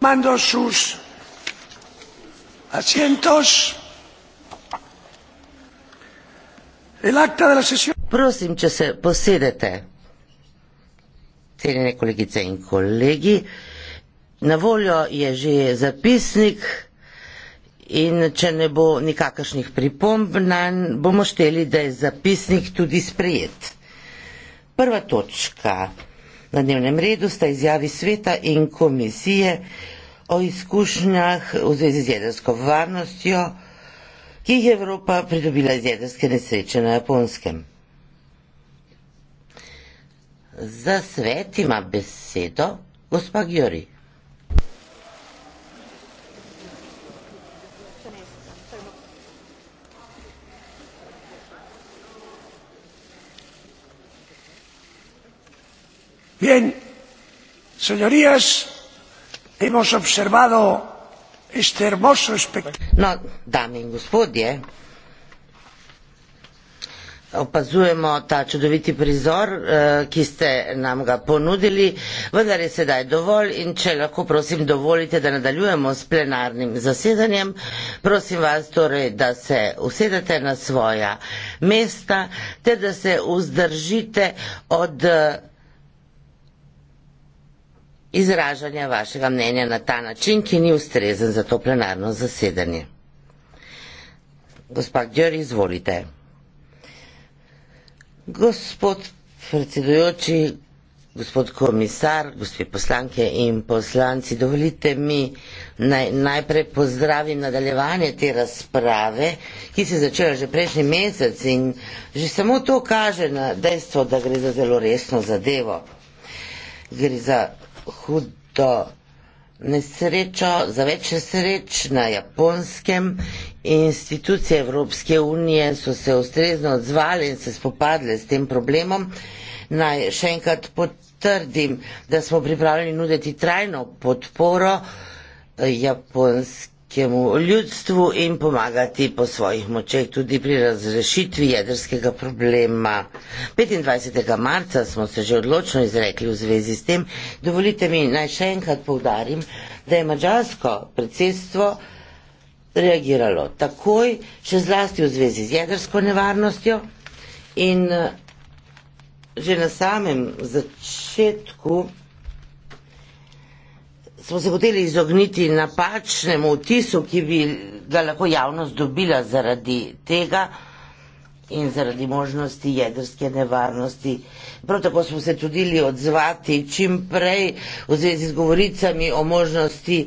tomando sus asientos. El acta de la sesión. Prosim, če se posedete, cenjene kolegice in kolegi, na voljo je že zapisnik in če ne bo nikakršnih pripomb, nam bomo šteli, da je zapisnik tudi sprejet. Prva točka. Na dnevnem redu sta izjavi sveta in komisije o izkušnjah v zvezi z jedrsko varnostjo, ki jih je Evropa pridobila iz jedrske nesreče na japonskem. Za svet ima besedo gospa Gjori. bien señorías hemos observado este hermoso espectáculo no dame y господие opazujemo ta čudoviti prizor, eh, ki ste nam ga ponudili, vendar je sedaj dovolj in če lahko prosim dovolite, da nadaljujemo s plenarnim zasedanjem, prosim vas torej, da se usedete na svoja mesta, te da se vzdržite od eh, izražanja vašega mnenja na ta način, ki ni ustrezen za to plenarno zasedanje. Gospod Djer, izvolite. Gospod predsedujoči, gospod komisar, gospod poslanke in poslanci, dovolite mi naj, najprej pozdravim nadaljevanje te razprave, ki se je začela že prejšnji mesec in že samo to kaže na dejstvo, da gre za zelo resno zadevo. Gre za hudo nesrečo, za več nesreč na japonskem. Institucije Evropske unije so se ustrezno odzvali in se spopadle s tem problemom. Naj še enkrat potrdim, da smo pripravljeni nuditi trajno podporo eh, japonskim kemu ljudstvu in pomagati po svojih močeh tudi pri razrešitvi jedrskega problema. 25. marca smo se že odločno izrekli v zvezi s tem. Dovolite mi naj še enkrat povdarim, da je mađarsko predsedstvo reagiralo takoj, še zlasti v zvezi z jedrsko nevarnostjo in eh, že na samem začetku smo se hoteli izogniti napačnemu vtisu, ki bi ga lahko javnost dobila zaradi tega in zaradi možnosti jedrske nevarnosti. Prav tako smo se trudili odzvati čim prej v zvezi z govoricami o možnosti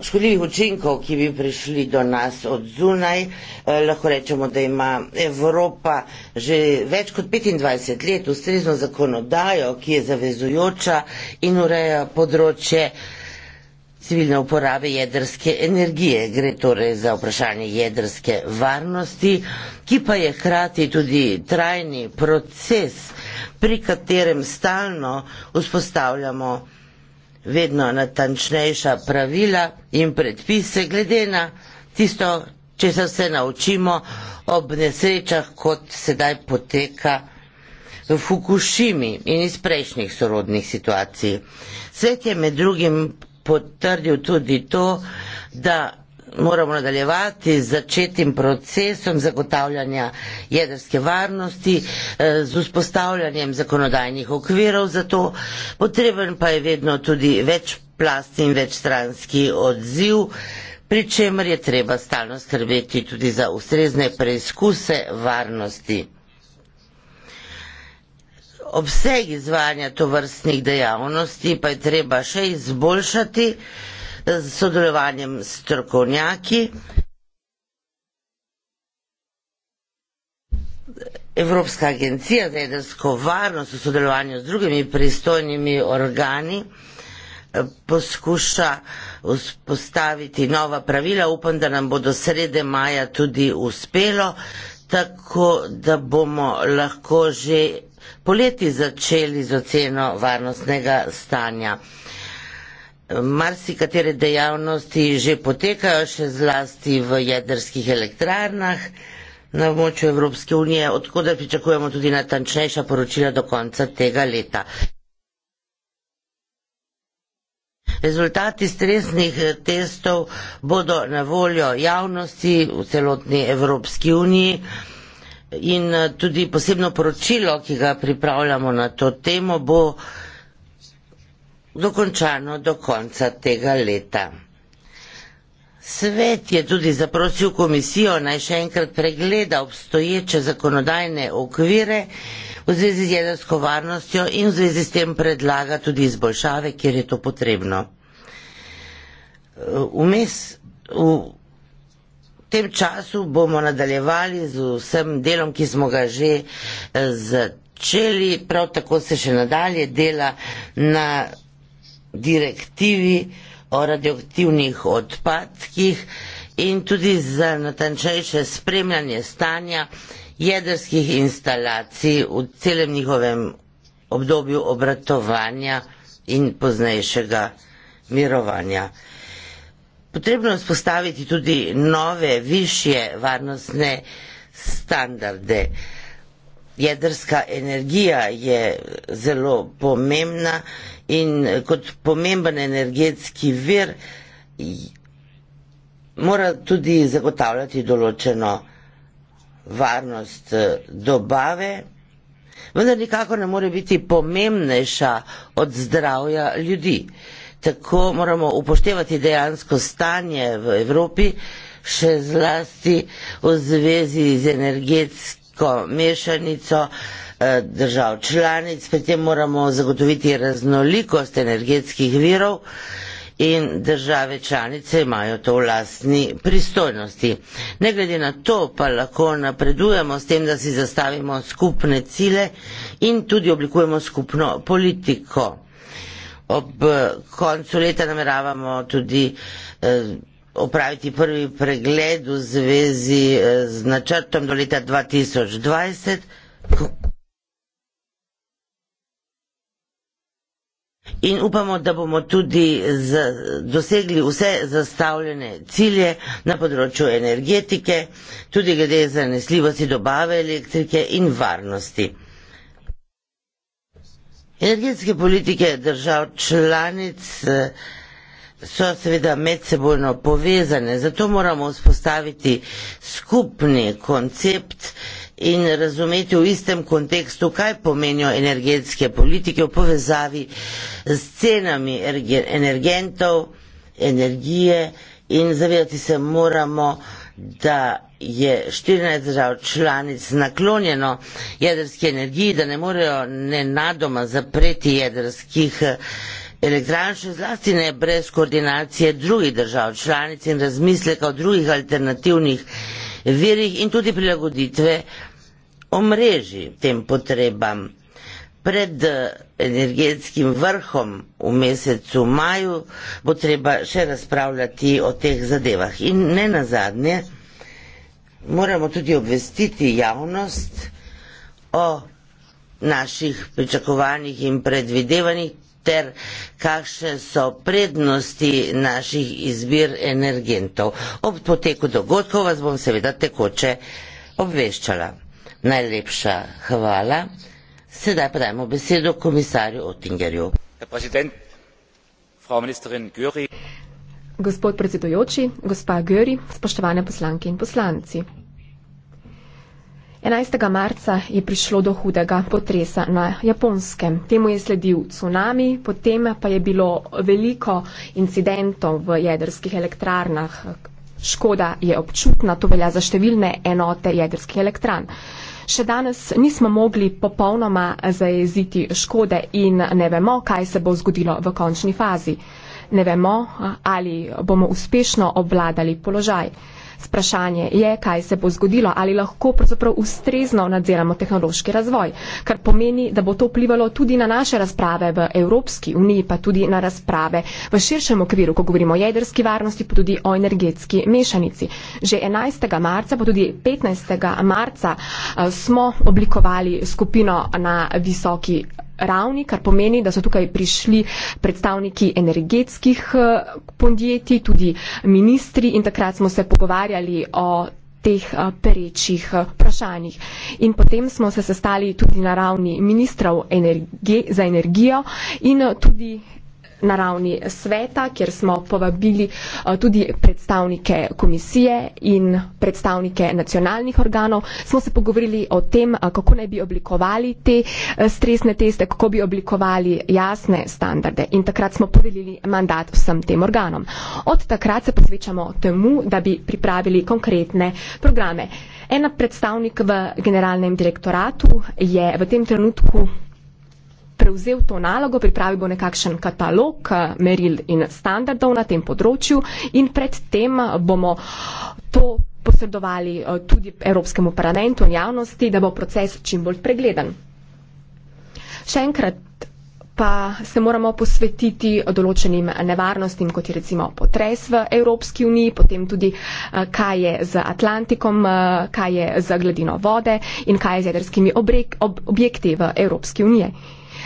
škodljivih učinkov, ki bi prišli do nas od zunaj. Eh, lahko rečemo, da ima Evropa že več kot 25 let ustrezno zakonodajo, ki je zavezujoča in ureja področje civilne uporabe jedrske energije. Gre torej za vprašanje jedrske varnosti, ki pa je hkrati tudi trajni proces, pri katerem stalno vzpostavljamo vedno natančnejša pravila in predpise glede na tisto, če se vse naučimo ob nesrečah, kot sedaj poteka v Fukushimi in iz prejšnjih sorodnih situacij. Svet je med drugim potrdil tudi to, da moramo nadaljevati z začetim procesom zagotavljanja jedrske varnosti, eh, z vzpostavljanjem zakonodajnih okvirov za to. Potreben pa je vedno tudi večplastni in večstranski odziv, pri čemer je treba stalno skrbeti tudi za ustrezne preizkuse varnosti. Obseg izvajanja tovrstnih dejavnosti pa je treba še izboljšati, z sodelovanjem s strokovnjaki. Evropska agencija za jedrsko varnost v sodelovanju z drugimi pristojnimi organi eh, poskuša vzpostaviti nova pravila. Upam, da nam bo do srede maja tudi uspelo, tako da bomo lahko že poleti začeli z oceno varnostnega stanja marsikatere dejavnosti že potekajo, še zlasti v jedrskih elektrarnah na območju Evropske unije, odkuda pričakujemo tudi natančnejša poročila do konca tega leta. Rezultati stresnih testov bodo na voljo javnosti v celotni Evropski uniji in tudi posebno poročilo, ki ga pripravljamo na to temo, bo dokončano do konca tega leta. Svet je tudi zaprosil komisijo naj še enkrat pregleda obstoječe zakonodajne okvire v zvezi z jedrsko varnostjo in v zvezi s tem predlaga tudi izboljšave, kjer je to potrebno. Vmes, v tem času bomo nadaljevali z vsem delom, ki smo ga že eh, začeli, prav tako se še nadalje dela na direktivi o radioaktivnih odpadkih in tudi za natančnejše spremljanje stanja jedrskih instalacij v celem njihovem obdobju obratovanja in poznejšega mirovanja. Potrebno je spostaviti tudi nove, višje varnostne standarde. Jedrska energija je zelo pomembna in kot pomemben energetski vir mora tudi zagotavljati določeno varnost eh, dobave, vendar nikako ne more biti pomembnejša od zdravja ljudi. Tako moramo upoštevati dejansko stanje v Evropi, še zlasti v zvezi z energetsko mešanico. Eh, držav članic, pri tem moramo zagotoviti raznolikost energetskih virov in države članice imajo to v lastni pristojnosti. Ne glede na to pa lahko napredujemo s tem, da si zastavimo skupne cile in tudi oblikujemo skupno politiko. Ob koncu leta nameravamo tudi eh, opraviti prvi pregled v zvezi eh, z načrtom do leta 2020. in upamo, da bomo tudi z, dosegli vse zastavljene cilje na področju energetike, tudi glede zanesljivosti dobave elektrike in varnosti. Energetske politike držav članic eh, so seveda medsebojno povezane, zato moramo vzpostaviti skupni koncept in razumeti v istem kontekstu, kaj pomenijo energetske politike v povezavi s cenami energentov, energije in zavedati se moramo, da je 14 držav članic naklonjeno jedrski energiji, da ne morejo nenadoma zapreti jedrskih elektrarn, še zlasti ne brez koordinacije drugih držav članic in razmisleka o drugih alternativnih virih in tudi prilagoditve omreži tem potrebam. Pred eh, energetskim vrhom v mesecu maju bo treba še razpravljati o teh zadevah. In ne nazadnje, moramo tudi obvestiti javnost o naših pričakovanjih in predvidevanjih ter kakšne so prednosti naših izbir energentov. Ob poteku dogodkov vas bom seveda tekoče obveščala. Najlepša hvala. Sedaj pravimo besedo komisarju Otingerju. Gospod predsedujoči, gospa Göri, spoštovane poslanke in poslanci. 11. marca je prišlo do hudega potresa na Japonskem. Temu je sledil tsunami, potem pa je bilo veliko incidentov v jedrskih elektrarnah. Škoda je občutna, to velja za številne enote jedrskih elektrarn. Še danes nismo mogli popolnoma zajeziti škode in ne vemo, kaj se bo zgodilo v končni fazi. Ne vemo, ali bomo uspešno obvladali položaj. Sprašanje je, kaj se bo zgodilo, ali lahko pravzaprav ustrezno nadziramo tehnološki razvoj, kar pomeni, da bo to vplivalo tudi na naše razprave v Evropski uniji, pa tudi na razprave v širšem okviru, ko govorimo o jedrski varnosti, pa tudi o energetski mešanici. Že 11. marca, pa tudi 15. marca eh, smo oblikovali skupino na visoki ravni, kar pomeni, da so tukaj prišli predstavniki energetskih eh, podjetij, tudi ministri in takrat smo se pogovarjali o teh eh, perečih eh, vprašanjih. In potem smo se sestali tudi na ravni ministrov energi za energijo in tudi na ravni sveta, kjer smo povabili eh, tudi predstavnike komisije in predstavnike nacionalnih organov. Smo se pogovorili o tem, eh, kako naj bi oblikovali te eh, stresne teste, kako bi oblikovali jasne standarde in takrat smo podelili mandat vsem tem organom. Od takrat se posvečamo temu, da bi pripravili konkretne programe. Ena predstavnik v generalnem direktoratu je v tem trenutku prevzel to nalogo, pripravil bo nekakšen katalog eh, meril in standardov na tem področju in predtem eh, bomo to posredovali eh, tudi Evropskemu parlamentu in javnosti, da bo proces čim bolj pregleden. Še enkrat pa se moramo posvetiti določenim nevarnostim, kot je recimo potres v Evropski uniji, potem tudi kaj je z Atlantikom, kaj je z gladino vode in kaj je z jedrskimi objekti v Evropski uniji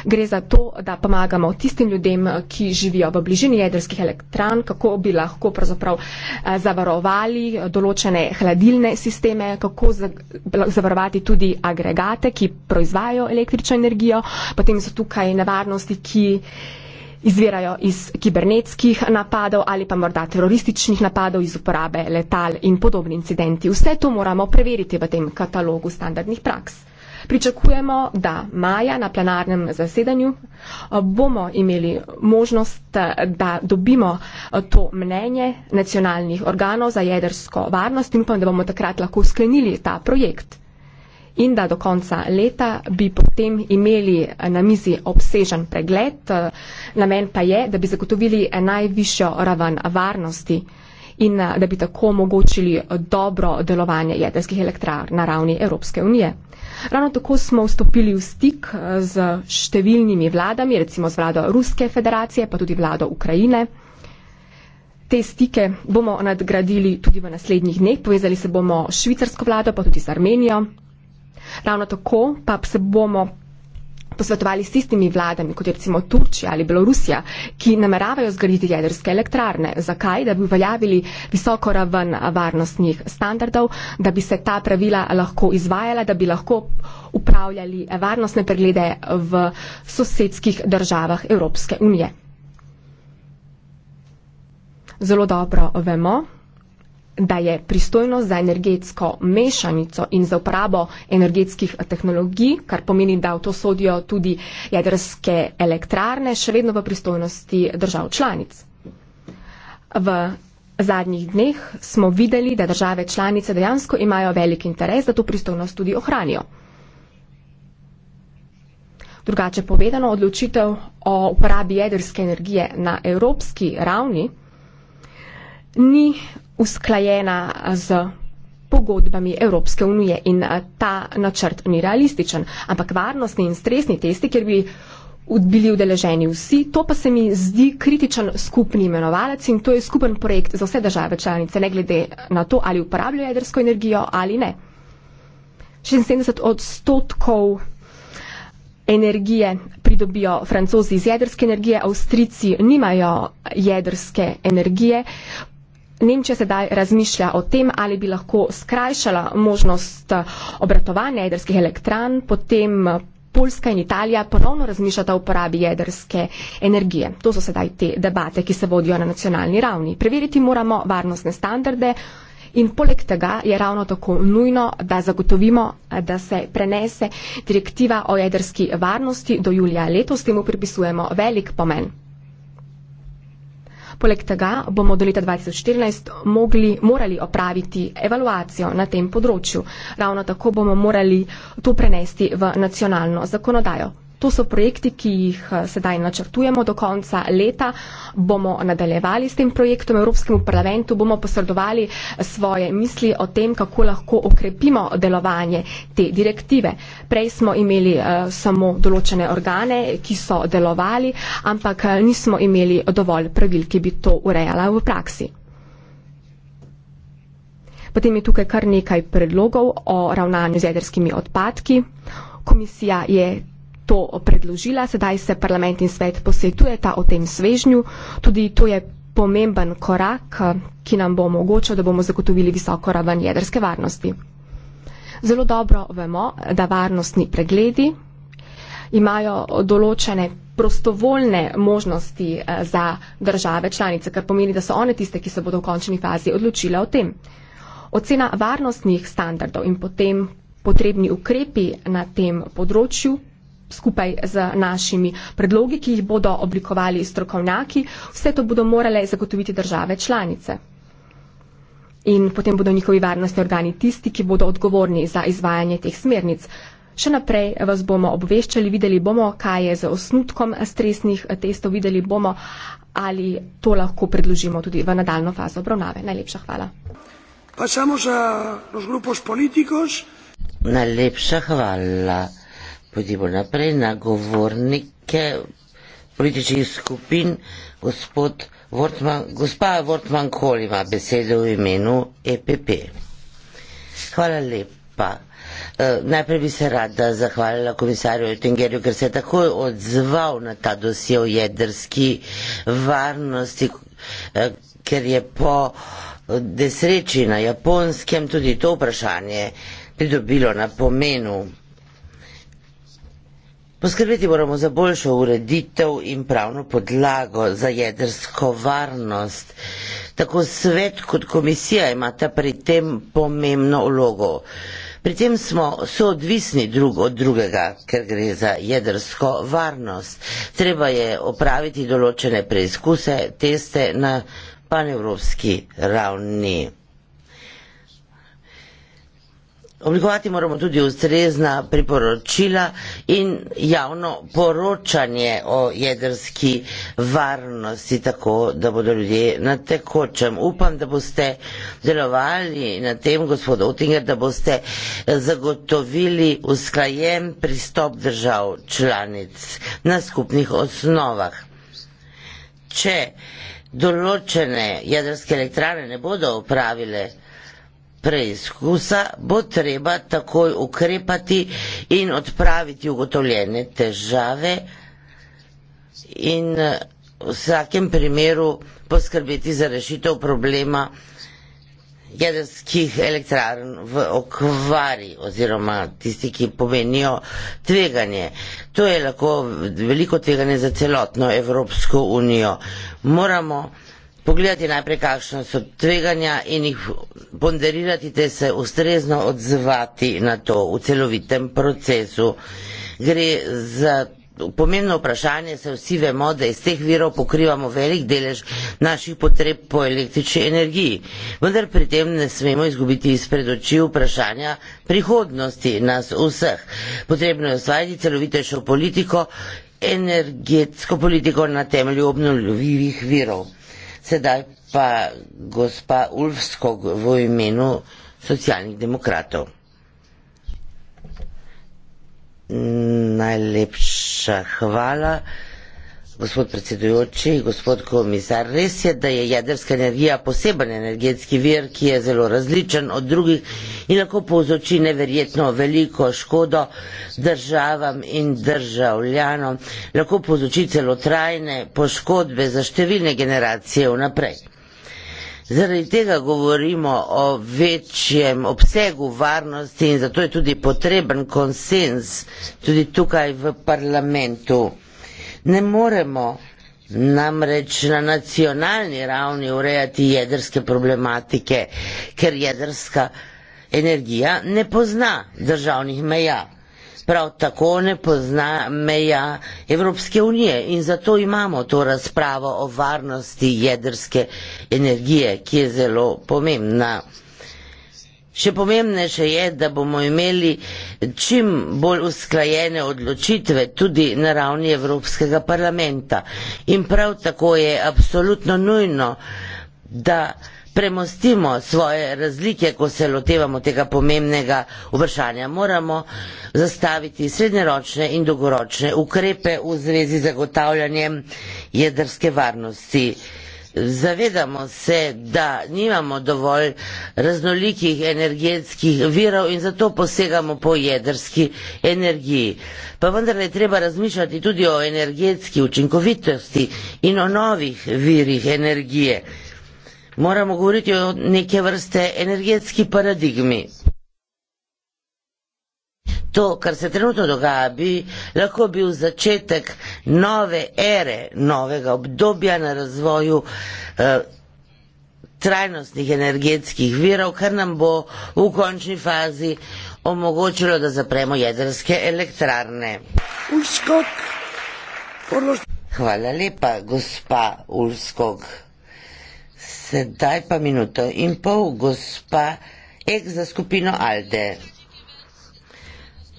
gre za to, da pomagamo tistim ljudem, ki živijo v bližini jedrskih elektran, kako bi lahko pravzaprav eh, zavarovali določene hladilne sisteme, kako zavarovati tudi agregate, ki proizvajajo električno energijo. Potem so tukaj nevarnosti, ki izvirajo iz kibernetskih napadov ali pa morda terorističnih napadov iz uporabe letal in podobni incidenti. Vse to moramo preveriti v tem katalogu standardnih praks. Pričakujemo, da maja na plenarnem zasedanju eh, bomo imeli možnost, eh, da dobimo eh, to mnenje nacionalnih organov za jedrsko varnost in upam, da bomo takrat lahko sklenili ta projekt. In da do konca leta bi potem imeli na mizi obsežen pregled, namen pa je, da bi zagotovili najvišjo raven varnosti in eh, da bi tako omogočili eh, dobro delovanje jedrskih elektrar na ravni Evropske unije. Ravno tako smo vstopili v stik eh, z številnimi vladami, recimo z vlado Ruske federacije, pa tudi vlado Ukrajine. Te stike bomo nadgradili tudi v naslednjih dneh, povezali se bomo s švicarsko vlado, pa tudi z Armenijo. Ravno tako pa se bomo posvetovali s tistimi vladami, kot je recimo Turčija ali Belorusija, ki nameravajo zgraditi jedrske elektrarne. Zakaj? Da bi uveljavili visoko raven varnostnih standardov, da bi se ta pravila lahko izvajala, da bi lahko upravljali varnostne preglede v sosedskih državah Evropske unije. Zelo dobro vemo, da je pristojnost za energetsko mešanico in za uporabo energetskih tehnologij, kar pomeni, da v to sodijo tudi jedrske elektrarne, še vedno v pristojnosti držav članic. V zadnjih dneh smo videli, da države članice dejansko imajo velik interes, da to pristojnost tudi ohranijo. Drugače povedano, odločitev o uporabi jedrske energije na evropski ravni ni usklajena z pogodbami Evropske unije in eh, ta načrt ni realističen. Ampak varnostni in stresni testi, kjer bi bili udeleženi vsi, to pa se mi zdi kritičen skupni imenovalec in to je skupen projekt za vse države članice, ne glede na to, ali uporabljajo jedrsko energijo ali ne. 76 odstotkov energije pridobijo francozi iz jedrske energije, avstrici nimajo jedrske energije, Nemčija sedaj razmišlja o tem, ali bi lahko skrajšala možnost eh, obratovanja jedrskih elektran, potem eh, Poljska in Italija ponovno razmišljata o uporabi jedrske energije. To so sedaj te debate, ki se vodijo na nacionalni ravni. Preveriti moramo varnostne standarde in poleg tega je ravno tako nujno, da zagotovimo, eh, da se prenese direktiva o jedrski varnosti do julija letos, temu pripisujemo velik pomen. Poleg tega bomo do leta 2014 mogli, morali opraviti evaluacijo na tem področju. Ravno tako bomo morali to prenesti v nacionalno zakonodajo. To so projekti, ki jih eh, sedaj načrtujemo do konca leta. Bomo nadaljevali s tem projektom Evropskemu parlamentu, bomo posredovali eh, svoje misli o tem, kako lahko okrepimo delovanje te direktive. Prej smo imeli uh, samo določene organe, ki so delovali, ampak nismo imeli dovolj pravil, ki bi to urejala v praksi. Potem je tukaj kar nekaj predlogov o ravnanju z jedrskimi odpadki. Komisija je to predložila, sedaj se parlament in svet posvetujeta o tem svežnju, tudi to je pomemben korak, ki nam bo omogočal, da bomo zagotovili visoko raven jedrske varnosti. Zelo dobro vemo, da varnostni pregledi imajo določene prostovoljne možnosti eh, za države članice, kar pomeni, da so one tiste, ki se bodo v končni fazi odločile o tem. Ocena varnostnih standardov in potem potrebni ukrepi na tem področju skupaj z našimi predlogi, ki jih bodo oblikovali strokovnjaki. Vse to bodo morale zagotoviti države članice. In potem bodo njihovi varnostni organi tisti, ki bodo odgovorni za izvajanje teh smernic. Še naprej vas bomo obveščali, videli bomo, kaj je z osnutkom stresnih testov, videli bomo, ali to lahko predložimo tudi v nadaljno fazo obravnave. Najlepša hvala. Najlepša hvala. Pojdimo naprej na govornike političnih skupin. Gospod Vortman, gospa Vortman Kol ima besedo v imenu EPP. Hvala lepa. E, najprej bi se rada zahvalila komisarju Oettingerju, ker se je takoj odzval na ta dosje o jedrski varnosti, e, ker je po desreči na japonskem tudi to vprašanje pridobilo na pomenu Poskrbeti moramo za boljšo ureditev in pravno podlago za jedrsko varnost. Tako svet kot komisija imata pri tem pomembno vlogo. Pri tem smo soodvisni drug od drugega, ker gre za jedrsko varnost. Treba je opraviti določene preizkuse, teste na panevropski ravni. Oblikovati moramo tudi ustrezna priporočila in javno poročanje o jedrski varnosti, tako da bodo ljudje na tekočem. Upam, da boste delovali na tem, gospod Otinger, da boste eh, zagotovili usklajen pristop držav članic na skupnih osnovah. Če določene jedrske elektrane ne bodo upravile, preizkusa, bo treba takoj ukrepati in odpraviti ugotovljene težave in v vsakem primeru poskrbeti za rešitev problema jedrskih elektrarn v okvari oziroma tisti, ki pomenijo tveganje. To je lahko veliko tveganje za celotno Evropsko unijo. Moramo pogledati najprej, kakšno so tveganja in jih ponderirati, te se ustrezno odzvati na to v celovitem procesu. Gre za pomembno vprašanje, se vsi vemo, da iz teh virov pokrivamo velik delež naših potreb po električni energiji. Vendar pri tem ne smemo izgubiti izpred oči vprašanja prihodnosti nas vseh. Potrebno je osvajati celovitejšo politiko, energetsko politiko na temelju obnovljivih virov sedaj pa gospa Ulfskog v imenu socialnih demokratov. Najlepša hvala. Gospod predsedujoči, gospod komisar, res je, da je jedrska energija poseben energetski vir, ki je zelo različen od drugih in lahko povzroči neverjetno veliko škodo državam in državljanom, lahko povzroči celo trajne poškodbe za številne generacije vnaprej. Zaradi tega govorimo o večjem obsegu varnosti in zato je tudi potreben konsens tudi tukaj v parlamentu. Ne moremo namreč na nacionalni ravni urejati jedrske problematike, ker jedrska energija ne pozna državnih meja. Prav tako ne pozna meja Evropske unije in zato imamo to razpravo o varnosti jedrske energije, ki je zelo pomembna. Še pomembnejše je, da bomo imeli čim bolj usklajene odločitve tudi na ravni Evropskega parlamenta. In prav tako je absolutno nujno, da premostimo svoje razlike, ko se lotevamo tega pomembnega vprašanja. Moramo zastaviti srednjeročne in dolgoročne ukrepe v zvezi z zagotavljanjem jedrske varnosti. Zavedamo se, da nimamo dovolj raznolikih energetskih virov in zato posegamo po jedrski energiji. Pa vendar je treba razmišljati tudi o energetski učinkovitosti in o novih virih energije. Moramo govoriti o neke vrste energetski paradigmi. To, kar se trenutno dogaja, bi lahko bil začetek nove ere, novega obdobja na razvoju eh, trajnostnih energetskih virov, kar nam bo v končni fazi omogočilo, da zapremo jedrske elektrarne. Ulskog. Hvala lepa, gospa Ulskog. Sedaj pa minuto in pol, gospa Ek za skupino Alde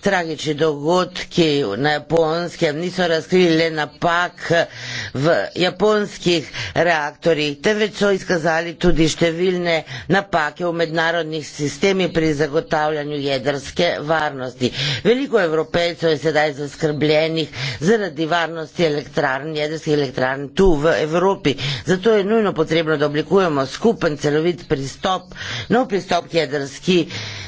tragični dogodki na japonskem niso razkrili le napak v japonskih reaktorjih, temveč so izkazali tudi številne napake v mednarodnih sistemih pri zagotavljanju jedrske varnosti. Veliko evropejcev je sedaj zaskrbljenih zaradi varnosti elektrarn, jedrskih elektrarn tu v Evropi. Zato je nujno potrebno, da oblikujemo skupen celovit pristop, nov pristop k jedrski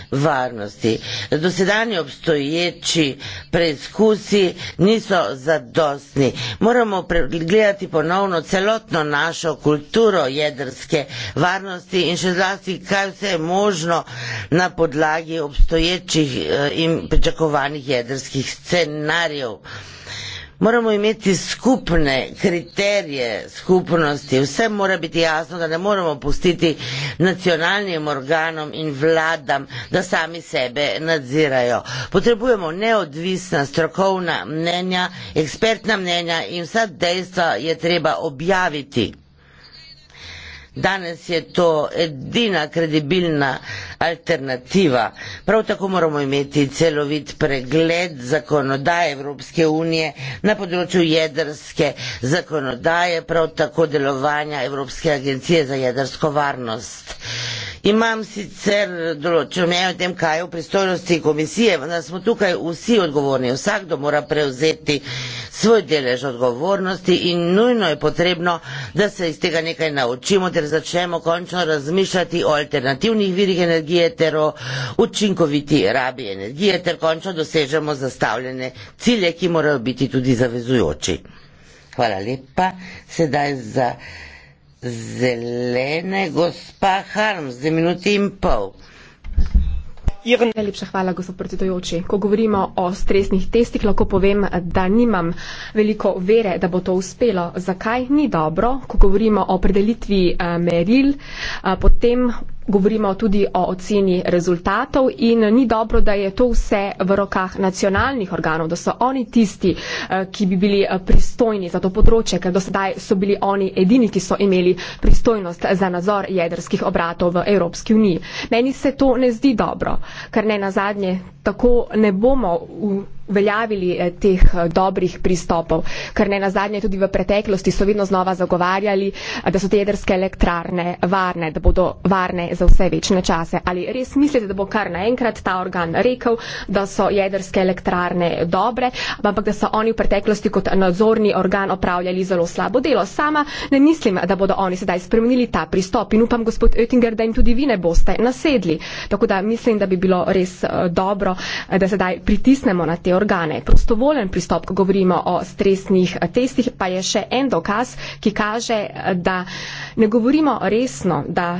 varnosti. Dosedanje obstoji obstoječi preizkusi niso zadostni. Moramo pregledati ponovno celotno našo kulturo jedrske varnosti in še zlasti, kaj vse je možno na podlagi obstoječih eh, in pričakovanih jedrskih scenarijev moramo imeti skupne kriterije skupnosti, vse mora biti jasno, da ne moramo pustiti nacionalnim organom in vladam, da sami sebe nadzirajo. Potrebujemo neodvisna strokovna mnenja, ekspertna mnenja in vsa dejstva je treba objaviti. Danes je to edina kredibilna alternativa. Prav tako moramo imeti celovit pregled zakonodaje Evropske unije na področju jedrske zakonodaje, prav tako delovanja Evropske agencije za jedrsko varnost. Imam sicer določenje o tem, kaj je v pristojnosti komisije, vendar smo tukaj vsi odgovorni. Vsakdo mora prevzeti svoj delež odgovornosti in nujno je potrebno, da se iz tega nekaj naučimo, ter začnemo končno razmišljati o alternativnih virih energije energije ter o učinkoviti rabi energije ter končno dosežemo zastavljene cilje, ki morajo biti tudi zavezujoči. Hvala lepa. Sedaj za zelene gospa Harm, za minuti in pol. Najlepša hvala, gospod predsedujoči. Ko govorimo o stresnih testih, lahko povem, da nimam veliko vere, da bo to uspelo. Zakaj ni dobro, ko govorimo o predelitvi eh, meril, eh, potem govorimo tudi o oceni rezultatov in ni dobro, da je to vse v rokah nacionalnih organov, da so oni tisti, eh, ki bi bili eh, pristojni za to področje, ker do sedaj so bili oni edini, ki so imeli pristojnost za nazor jedrskih obratov v Evropski uniji. Meni se to ne zdi dobro, ker ne na zadnje tako ne bomo v uveljavili eh, teh eh, dobrih pristopov, ker ne nazadnje tudi v preteklosti so vedno znova zagovarjali, eh, da so te jedrske elektrarne varne, da bodo varne za vse večne čase. Ali res mislite, da bo kar naenkrat ta organ rekel, da so jedrske elektrarne dobre, ampak da so oni v preteklosti kot nadzorni organ opravljali zelo slabo delo? Sama ne mislim, da bodo oni sedaj spremenili ta pristop in upam, gospod Oettinger, da jim tudi vi ne boste nasedli. Tako da mislim, da bi bilo res dobro, da sedaj pritisnemo na te organe. Prostovolen pristop, ko govorimo o stresnih testih, pa je še en dokaz, ki kaže, da ne govorimo resno, da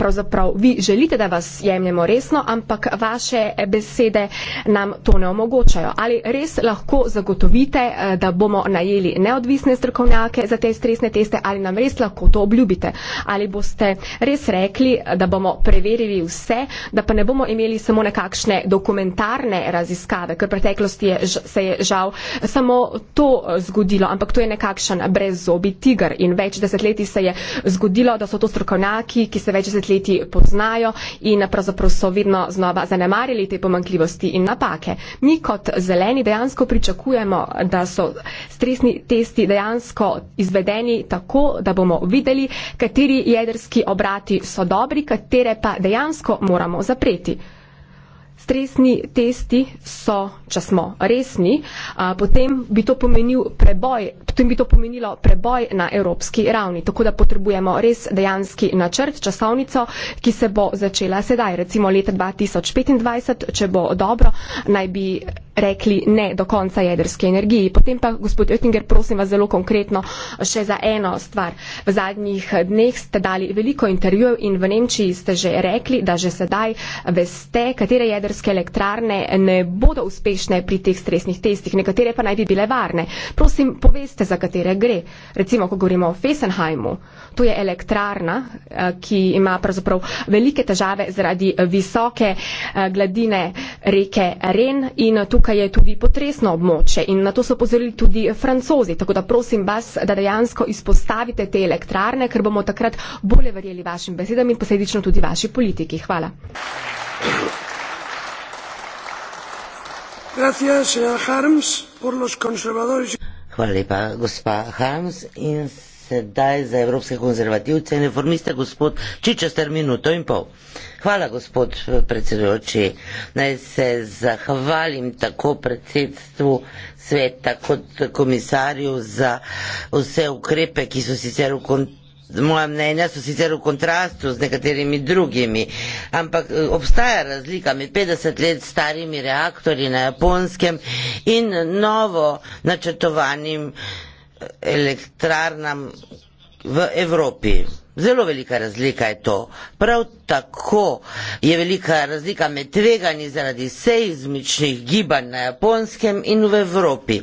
pravzaprav vi želite, da vas jemljemo resno, ampak vaše besede nam to ne omogočajo. Ali res lahko zagotovite, eh, da bomo najeli neodvisne strokovnjake za te stresne teste, ali nam res lahko to obljubite? Ali boste res rekli, da bomo preverili vse, da pa ne bomo imeli samo nekakšne dokumentarne raziskave, ker v preteklosti je, se je žal samo to eh, zgodilo, ampak to je nekakšen brezobi tiger in več desetletij se je zgodilo, da so to strokovnjaki, ki se več desetletij desetletji poznajo in pravzaprav so vedno znova zanemarili te pomankljivosti in napake. Mi kot zeleni dejansko pričakujemo, da so stresni testi dejansko izvedeni tako, da bomo videli, kateri jedrski obrati so dobri, katere pa dejansko moramo zapreti. Stresni testi so, če smo resni, a, potem, bi to preboj, potem bi to pomenilo preboj na evropski ravni. Tako da potrebujemo res dejanski načrt, časovnico, ki se bo začela sedaj, recimo leta 2025, če bo dobro, naj bi rekli ne do konca jedrske energije. Potem pa, gospod Oettinger, prosim vas zelo konkretno še za eno stvar. V zadnjih dneh ste dali veliko intervjujev in v Nemčiji ste že rekli, da že sedaj veste, katere jedrske energije jedrske elektrarne ne bodo uspešne pri teh stresnih testih, nekatere pa naj bi bile varne. Prosim, poveste, za katere gre. Recimo, ko govorimo o Fessenheimu, to je elektrarna, eh, ki ima pravzaprav velike težave zaradi eh, visoke eh, gladine reke Ren in tukaj je tudi potresno območje in na to so pozorili tudi francozi. Tako da prosim vas, da dejansko izpostavite te elektrarne, ker bomo takrat bolje verjeli vašim besedam in posledično tudi vaši politiki. Hvala. Thank you. Hvala lepa, gospa Harms. In sedaj za evropske konzervativce in reformiste, gospod Čičester, minuto in pol. Hvala, gospod predsedujoči. Naj se zahvalim tako predsedstvu sveta kot komisarju za vse ukrepe, ki so sicer v kontekstu moja mnenja so sicer v kontrastu z nekaterimi drugimi, ampak eh, obstaja razlika med 50 let starimi reaktorji na japonskem in novo načrtovanim eh, elektrarnam v Evropi. Zelo velika razlika je to. Prav tako je velika razlika med tveganji zaradi seizmičnih gibanj na japonskem in v Evropi.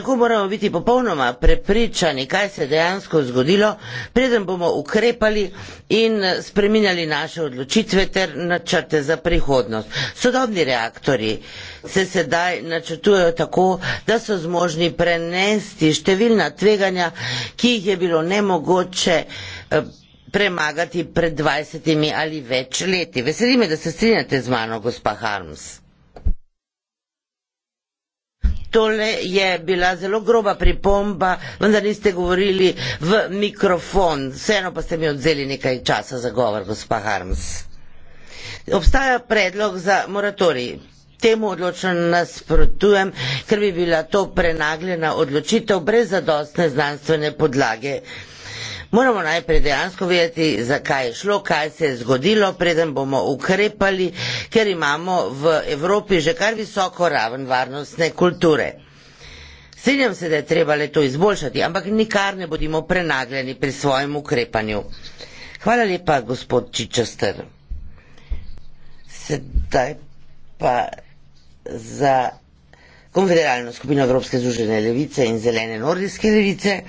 Tako moramo biti popolnoma prepričani, kaj se je dejansko zgodilo, preden bomo ukrepali in spreminjali naše odločitve ter načrte za prihodnost. Sodobni reaktori se sedaj načrtujejo tako, da so zmožni prenesti številna tveganja, ki jih je bilo nemogoče eh, premagati pred 20 ali več leti. Veselime, da se strinjate z mano, gospa Harms. Tole je bila zelo groba pripomba, vendar niste govorili v mikrofon. Vseeno pa ste mi odzeli nekaj časa za govor, gospa Harms. Obstaja predlog za moratorij. Temu odločno nasprotujem, ker bi bila to prenagljena odločitev brez zadostne znanstvene podlage. Moramo najprej dejansko vedeti, zakaj je šlo, kaj se je zgodilo, preden bomo ukrepali, ker imamo v Evropi že kar visoko raven varnostne kulture. Strinjam se, da je treba le to izboljšati, ampak nikar ne bodimo prenagljeni pri svojem ukrepanju. Hvala lepa, gospod Čičester. Sedaj pa za konfederalno skupino Evropske združene levice in zelene nordijske levice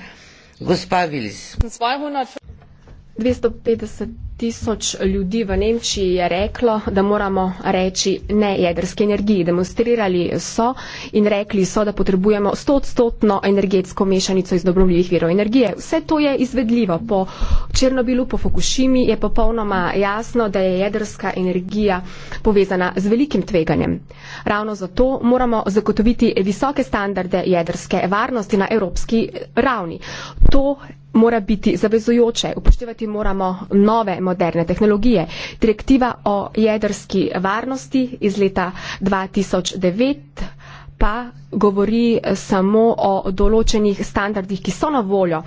zweihundertfünfzig millionen menschen 250 tisoč ljudi v Nemčiji je reklo, da moramo reči ne jedrski energiji. Demonstrirali so in rekli so, da potrebujemo 100 odstotno energetsko mešanico iz dobrovljivih virov energije. Vse to je izvedljivo. Po Černobilu, po Fukushimi je popolnoma jasno, da je jedrska energija povezana z velikim tveganjem. Ravno zato moramo zagotoviti visoke standarde jedrske varnosti na evropski ravni. To mora biti zavezujoče, upoštevati moramo nove moderne tehnologije. Direktiva o jedrski varnosti iz leta 2009 pa govori eh, samo o določenih standardih, ki so na voljo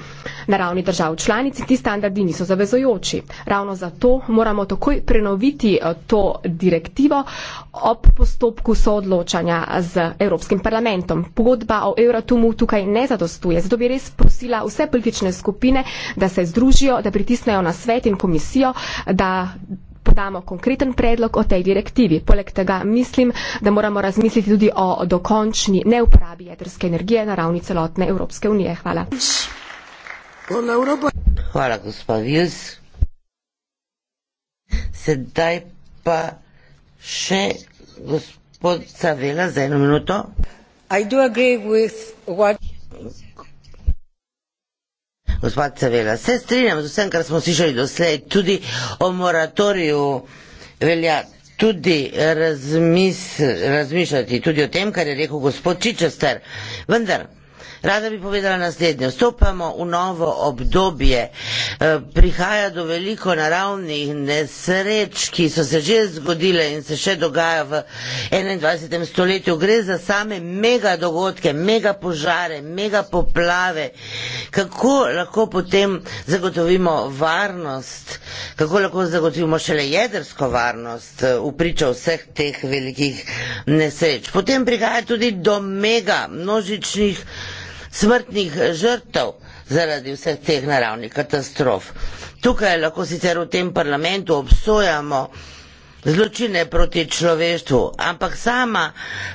na ravni držav članici, ti standardi niso zavezojoči. Ravno zato moramo takoj prenoviti eh, to direktivo ob postopku soodločanja z Evropskim parlamentom. Pogodba o Euratomu tukaj ne zadostuje, zato bi res prosila vse politične skupine, da se združijo, da pritisnejo na svet in komisijo, da podamo konkreten predlog o tej direktivi. Poleg tega mislim, da moramo razmisliti tudi o dokončni neuporabi jedrske energije na ravni celotne Evropske unije. Hvala. Hvala, gospod Vils. Sedaj pa še gospod Savela za eno minuto gospod Cavela. Se strinjam z vsem, kar smo slišali doslej, tudi o moratoriju velja tudi razmis, razmišljati tudi o tem, kar je rekel gospod Čičester. Vendar, Rada bi povedala naslednje. Vstopamo v novo obdobje. E, prihaja do veliko naravnih nesreč, ki so se že zgodile in se še dogaja v 21. stoletju. Gre za same mega dogodke, mega požare, mega poplave. Kako lahko potem zagotovimo varnost, kako lahko zagotovimo šele jedrsko varnost e, v pričo vseh teh velikih nesreč. Potem prihaja tudi do mega množičnih smrtnih eh, žrtev zaradi vseh teh naravnih katastrof. Tukaj lahko sicer v tem parlamentu obsojamo zločine proti človeštvu, ampak sama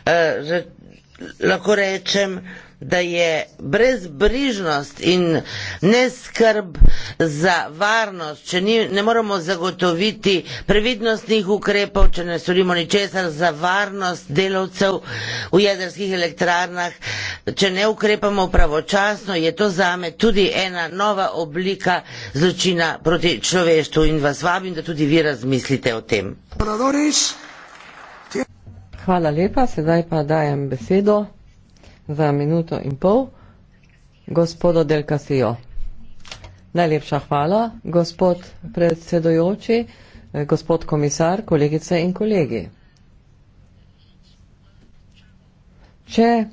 eh, že, lahko rečem, da da je brezbrižnost in neskrb za varnost, če ni, ne moramo zagotoviti previdnostnih ukrepov, če ne storimo ničesar za varnost delavcev v jedrskih elektrarnah, če ne ukrepamo pravočasno, je to zame tudi ena nova oblika zločina proti človeštvu in vas vabim, da tudi vi razmislite o tem. Hvala lepa, sedaj pa dajem besedo za minuto in pol. Gospodo Del Casio. Najlepša hvala, gospod predsedojoči, eh, gospod komisar, kolegice in kolegi. Če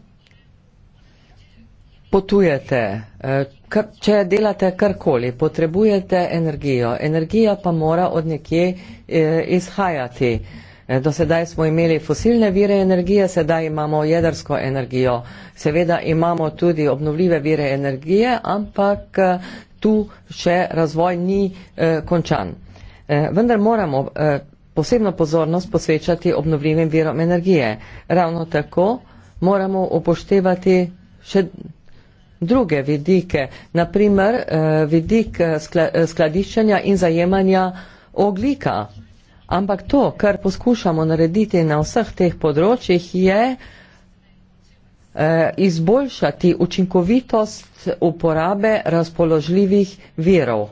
potujete, eh, če delate karkoli, potrebujete energijo, energija pa mora od nekje eh, izhajati. Eh, do sedaj smo imeli fosilne vire energije, sedaj imamo jedrsko energijo. Seveda imamo tudi obnovljive vire energije, ampak eh, tu še razvoj ni eh, končan. Vendar moramo posebno pozornost posvečati obnovljivim virom energije. Ravno tako moramo upoštevati še druge vidike, naprimer vidik skladiščenja in zajemanja oglika. Ampak to, kar poskušamo narediti na vseh teh področjih, je eh, izboljšati učinkovitost uporabe razpoložljivih virov.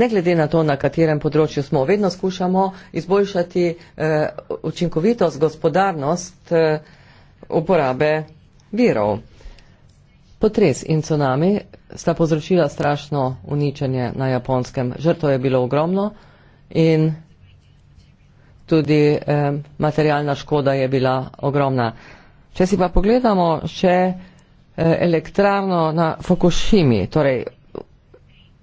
Ne glede na to, na katerem področju smo, vedno skušamo izboljšati eh, učinkovitost, gospodarnost eh, uporabe virov. Potres in tsunami sta povzročila strašno uničenje na japonskem. Žrtvo je bilo ogromno in tudi eh, materialna škoda je bila ogromna. Če si pa pogledamo še eh, elektrarno na Fukushimi, torej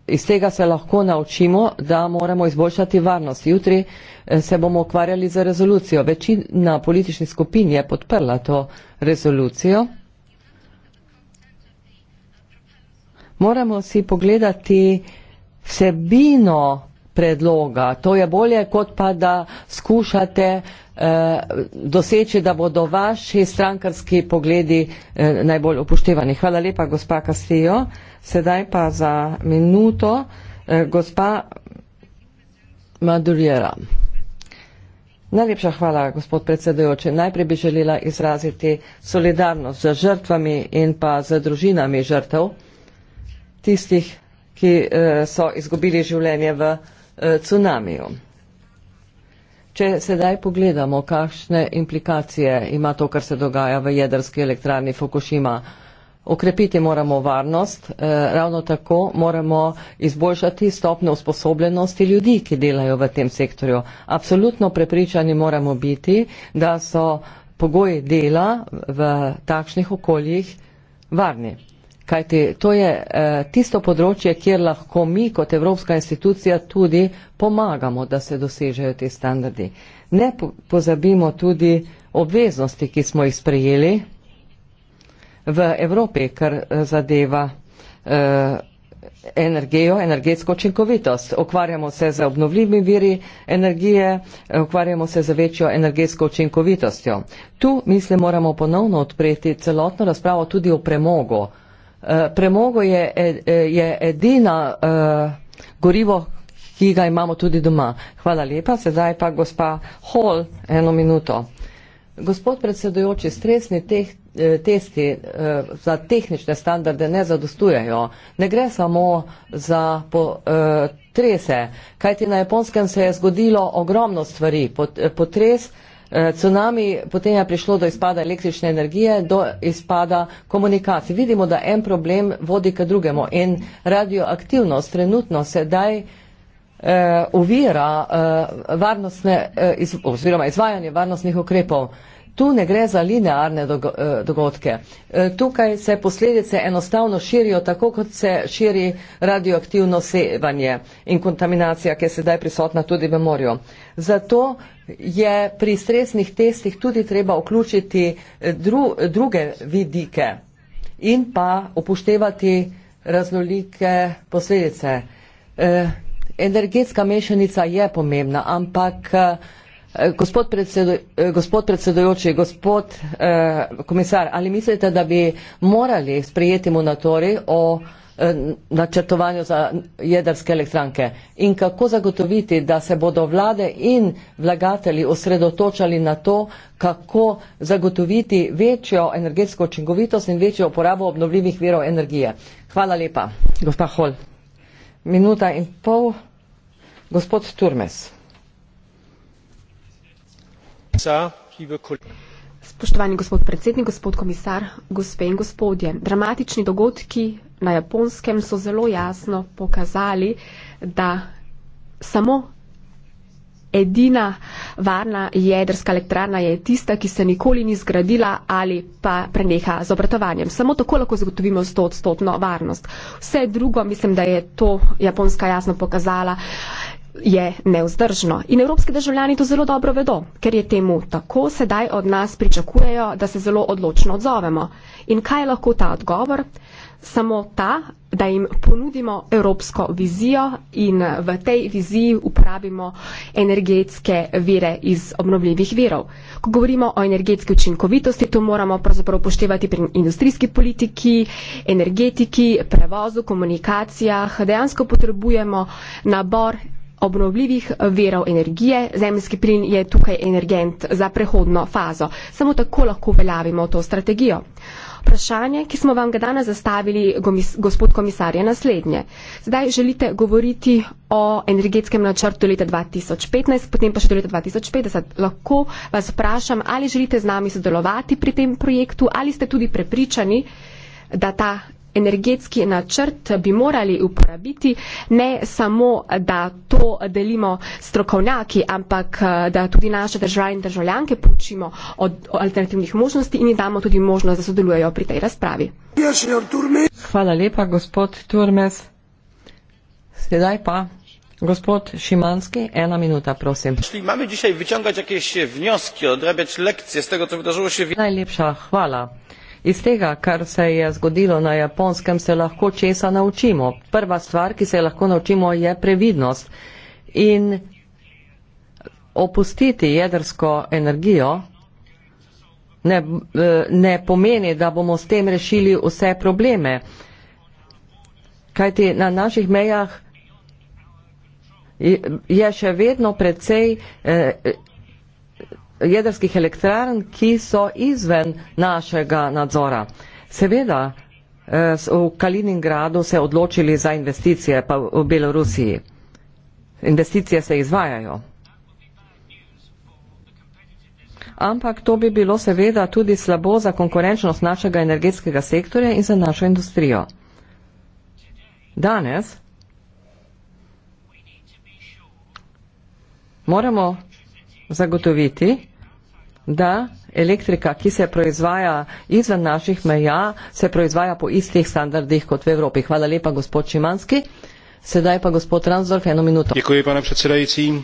iz tega se lahko naučimo, da moramo izboljšati varnost. Jutri eh, se bomo ukvarjali z rezolucijo. Večina političnih skupin je podprla to rezolucijo. Moramo si pogledati vsebino predloga. To je bolje, kot pa da skušate eh, doseči, da bodo vaši strankarski pogledi eh, najbolj upoštevani. Hvala lepa, gospa Kastijo. Sedaj pa za minuto, eh, gospa Madurjera. Najlepša hvala, gospod predsedujoči. Najprej bi želela izraziti solidarnost z žrtvami in pa z družinami žrtev, tistih, ki eh, so izgubili življenje v Eh, cunamijem. Če sedaj pogledamo, kakšne implikacije ima to, kar se dogaja v jedrski elektrarni Fukushima, okrepiti moramo varnost, eh, ravno tako moramo izboljšati stopno usposobljenosti ljudi, ki delajo v tem sektorju. Absolutno prepričani moramo biti, da so pogoji dela v takšnih okoljih varni kajti to je eh, tisto področje, kjer lahko mi kot Evropska institucija tudi pomagamo, da se dosežejo ti standardi. Ne pozabimo tudi obveznosti, ki smo jih sprejeli v Evropi, kar eh, zadeva eh, energijo, energetsko učinkovitost. Okvarjamo se z obnovljivimi viri energije, okvarjamo se z večjo energetsko učinkovitostjo. Tu, mislim, moramo ponovno odpreti celotno razpravo tudi o premogu. Eh, premogo je, e, e, je edina uh, gorivo, ki ga imamo tudi doma. Hvala lepa. Sedaj pa gospa Hall, eno minuto. Gospod predsedujoči, stresni teh, eh, testi eh, za tehnične standarde ne zadostujejo. Ne gre samo za po, eh, trese, kajti na Japonskem se je zgodilo ogromno stvari. E, potres. Po cunami, eh, potem je prišlo do izpada električne energije, do izpada komunikacij. Vidimo, da en problem vodi k drugemu in radioaktivnost trenutno sedaj eh, ovira uh, uh, iz, oziroma izvajanje varnostnih ukrepov. Tu ne gre za linearne dogodke. Tukaj se posledice enostavno širijo, tako kot se širi radioaktivno sevanje in kontaminacija, ki je sedaj prisotna tudi v morju. Zato je pri stresnih testih tudi treba vključiti eh, dru, druge vidike in pa upoštevati raznolike posledice. Eh, energetska mešanica je pomembna, ampak eh, gospod, predsedo, gospod predsedojoči, gospod komisar, ali mislite, da bi morali sprejeti monatori o načrtovanju za jedrske elektranke in kako zagotoviti, da se bodo vlade in vlagatelji osredotočali na to, kako zagotoviti večjo energetsko učinkovitost in večjo uporabo obnovljivih virov energije. Hvala lepa. Gospa Hol. Minuta in pol. Gospod Turmes. Sa, Spoštovani gospod predsednik, gospod komisar, gospe in gospodje. Dramatični dogodki na japonskem so zelo jasno pokazali, da samo edina varna jedrska elektrarna je tista, ki se nikoli ni zgradila ali pa preneha z obratovanjem. Samo tako lahko zagotovimo 100-odstotno varnost. Vse drugo mislim, da je to japonska jasno pokazala. Uh, je neuzdržno. In evropski državljani to zelo dobro vedo, ker je temu tako, sedaj od nas pričakujejo, da se zelo odločno odzovemo. In kaj je lahko ta odgovor? Samo ta, da jim ponudimo evropsko vizijo in v tej viziji upravimo energetske vire iz obnovljivih virov. Ko govorimo o energetski učinkovitosti, to moramo pravzaprav upoštevati pri industrijski politiki, energetiki, prevozu, komunikacijah. Dejansko potrebujemo nabor obnovljivih verov energije, zemljski plin je tukaj energent za prehodno fazo. Samo tako lahko uveljavimo to strategijo. Vprašanje, ki smo vam ga danes zastavili, gospod komisar, je naslednje. Zdaj želite govoriti o energetskem načrtu leta 2015, potem pa še do leta 2050. Lahko vas vprašam, ali želite z nami sodelovati pri tem projektu, ali ste tudi prepričani, da ta energetski načrt bi morali uporabiti, ne samo, da to delimo strokovnjaki, ampak da tudi naše državljanke in državljanke počimo od alternativnih možnosti in jim damo tudi možnost, da sodelujejo pri tej razpravi. Hvala lepa, gospod Turmes. Sedaj pa. Gospod Šimanski, ena minuta, prosim. Najlepša hvala. Iz tega, kar se je zgodilo na japonskem, se lahko česa naučimo. Prva stvar, ki se lahko naučimo, je previdnost. In opustiti jedrsko energijo ne, eh, ne pomeni, da bomo s tem rešili vse probleme. Kajti na naših mejah je še vedno precej eh, jedrskih elektrarn, ki so izven našega nadzora. Seveda, eh, v Kaliningradu se odločili za investicije, pa v Belorusiji. Investicije se izvajajo. Ampak to bi bilo seveda tudi slabo za konkurenčnost našega energetskega sektorja in za našo industrijo. Danes moramo zagotoviti, da elektrika, ki se proizvaja izven naših meja, se proizvaja po istih standardih kot v Evropi. Hvala lepa, gospod Šimanski. Sedaj pa gospod Ransdorf, eno minuto. Děkuji, pane predsedající.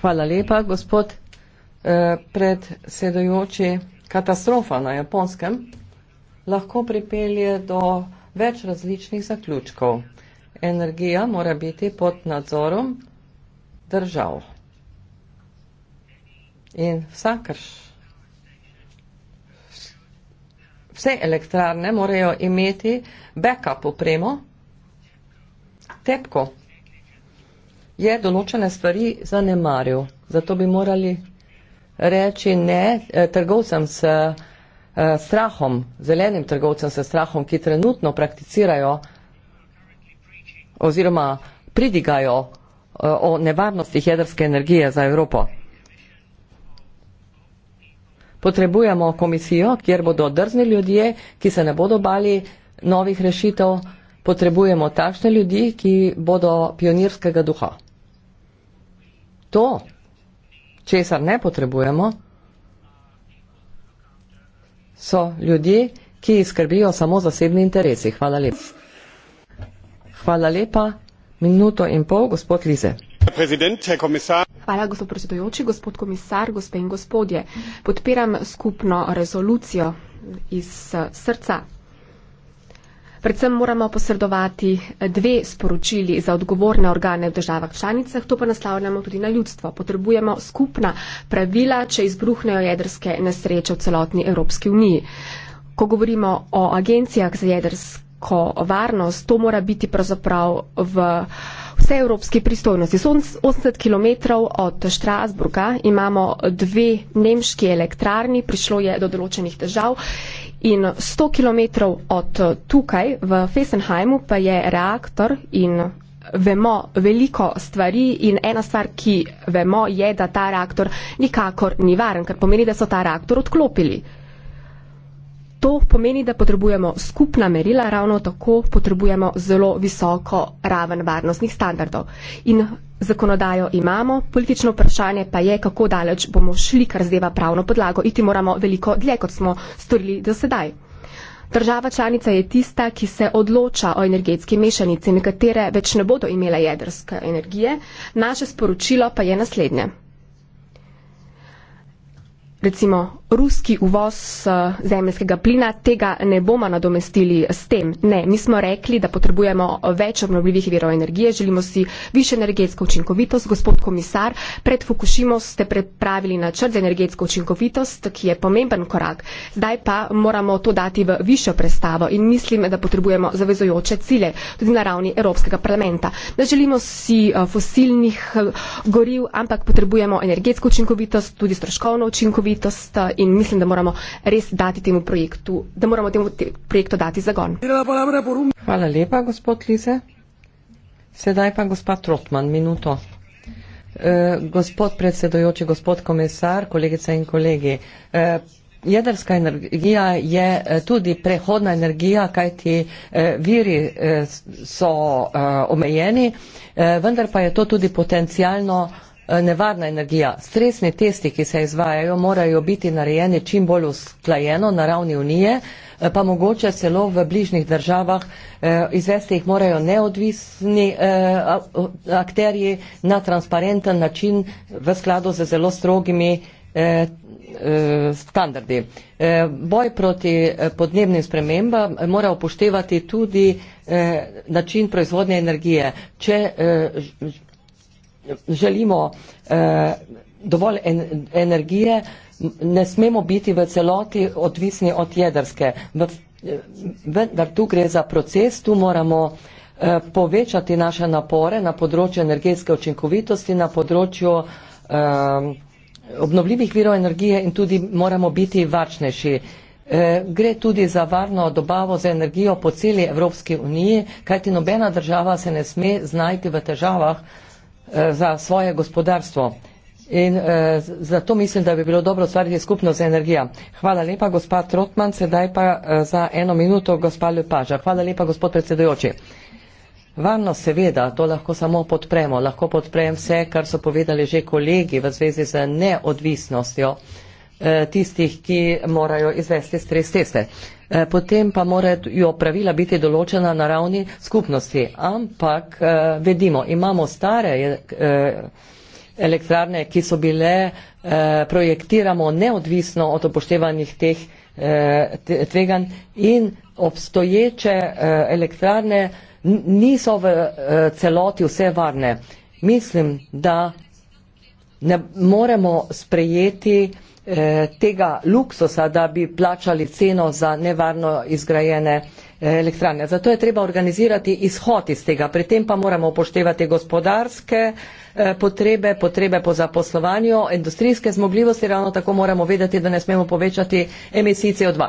Hvala lepa, gospod eh, predsedujoči. Katastrofa na japonskem lahko pripelje do več različnih zaključkov. Energija mora biti pod nadzorom držav. In vsakrš, vse elektrarne morajo imeti backup opremo, tepko. Je določene stvari zanemaril, zato bi morali reči ne eh, trgovcem s eh, strahom, zelenim trgovcem s strahom, ki trenutno prakticirajo oziroma pridigajo eh, o nevarnostih jedrske energije za Evropo. Potrebujemo komisijo, kjer bodo drzni ljudje, ki se ne bodo bali novih rešitev. Potrebujemo takšne ljudi, ki bodo pionirskega duha. To, česar ne potrebujemo, so ljudje, ki skrbijo samo za sedmi interesi. Hvala lepa. Hvala lepa. Minuto in pol, gospod Lize. Hvala, gospod predsedujoči, gospod komisar, gospe in gospodje. Podpiram skupno rezolucijo iz eh, srca. Predvsem moramo posredovati eh, dve sporočili za odgovorne organe v državah članicah, to pa naslavljamo tudi na ljudstvo. Potrebujemo skupna pravila, če izbruhnejo jedrske nesreče v celotni Evropski uniji. Ko govorimo o agencijah za jedrsko varnost, to mora biti pravzaprav v vse evropske pristojnosti. So 80 km od Štrasburga, imamo dve nemški elektrarni, prišlo je do določenih težav. In 100 km od tukaj v Fessenheimu pa je reaktor in vemo veliko stvari in ena stvar, ki vemo, je, da ta reaktor nikakor ni varen, ker pomeni, da so ta reaktor odklopili to pomeni, da potrebujemo skupna merila, ravno tako potrebujemo zelo visoko raven varnostnih standardov. In zakonodajo imamo, politično vprašanje pa je, kako daleč bomo šli, kar zdeva pravno podlago. Iti moramo veliko dlje, kot smo storili do sedaj. Država članica je tista, ki se odloča o energetski mešanici, nekatere več ne bodo imele jedrske energije. Naše sporočilo pa je naslednje recimo ruski uvoz eh, zemljskega plina, tega ne bomo nadomestili s tem. Ne, mi smo rekli, da potrebujemo več obnovljivih virov energije, želimo si više energetsko učinkovitost. Gospod komisar, pred Fukushimo ste pripravili načrt za energetsko učinkovitost, ki je pomemben korak. Zdaj pa moramo to dati v višjo predstavo in mislim, da potrebujemo zavezojoče cilje tudi na ravni Evropskega parlamenta. Ne želimo si eh, fosilnih eh, goriv, ampak potrebujemo energetsko učinkovitost, tudi stroškovno učinkovitost odkritost eh, in mislim, da moramo res dati temu projektu, da moramo temu te, projektu dati zagon. Hvala lepa, gospod Lize. Sedaj pa gospod Trotman, minuto. E, gospod predsedojoči, gospod komisar, kolegice in kolegi. E, Jedrska energija je tudi prehodna energija, kajti viri so omejeni, vendar pa je to tudi potencijalno Eh, nevarna energija. Stresni testi, ki se izvajajo, morajo biti narejeni čim bolj usklajeno na ravni unije, eh, pa mogoče celo v bližnjih državah eh, izvesti jih morajo neodvisni akterji na transparenten način v skladu z zelo strogimi standardi. Boj proti podnebnim spremembam mora upoštevati tudi način proizvodnje energije. Če želimo eh, dovolj en, energije, ne smemo biti v celoti odvisni od jedrske. V, vendar tu gre za proces, tu moramo eh, povečati naše napore na področju energetske učinkovitosti, na področju eh, obnovljivih virov energije in tudi moramo biti varčnejši. Eh, gre tudi za varno dobavo za energijo po celi Evropski uniji, kajti nobena država se ne sme znajti v težavah, Eh, za svoje gospodarstvo. In eh, zato mislim, da bi bilo dobro ustvariti skupnost energija. Hvala lepa, gospa Trotman, sedaj pa eh, za eno minuto gospa Lepaža. Hvala lepa, gospod predsedujoči. Varnost seveda, to lahko samo podpremo. Lahko podprem vse, kar so povedali že kolegi v zvezi z neodvisnostjo eh, tistih, ki morajo izvesti stres teste. Eh, Eh, potem pa morajo pravila biti določena na ravni skupnosti. Ampak eh, vedimo, imamo stare eh, elektrarne, ki so bile projektiramo neodvisno od upoštevanih teh tveganj in obstoječe elektrarne niso v celoti vse varne. Mislim, da ne moremo sprejeti Eh, tega luksusa, da bi plačali ceno za nevarno izgrajene eh, elektrarne. Zato je treba organizirati izhod iz tega. Pri tem pa moramo upoštevati gospodarske eh, potrebe, potrebe po zaposlovanju, industrijske zmogljivosti, ravno tako moramo vedeti, da ne smemo povečati emisij CO2.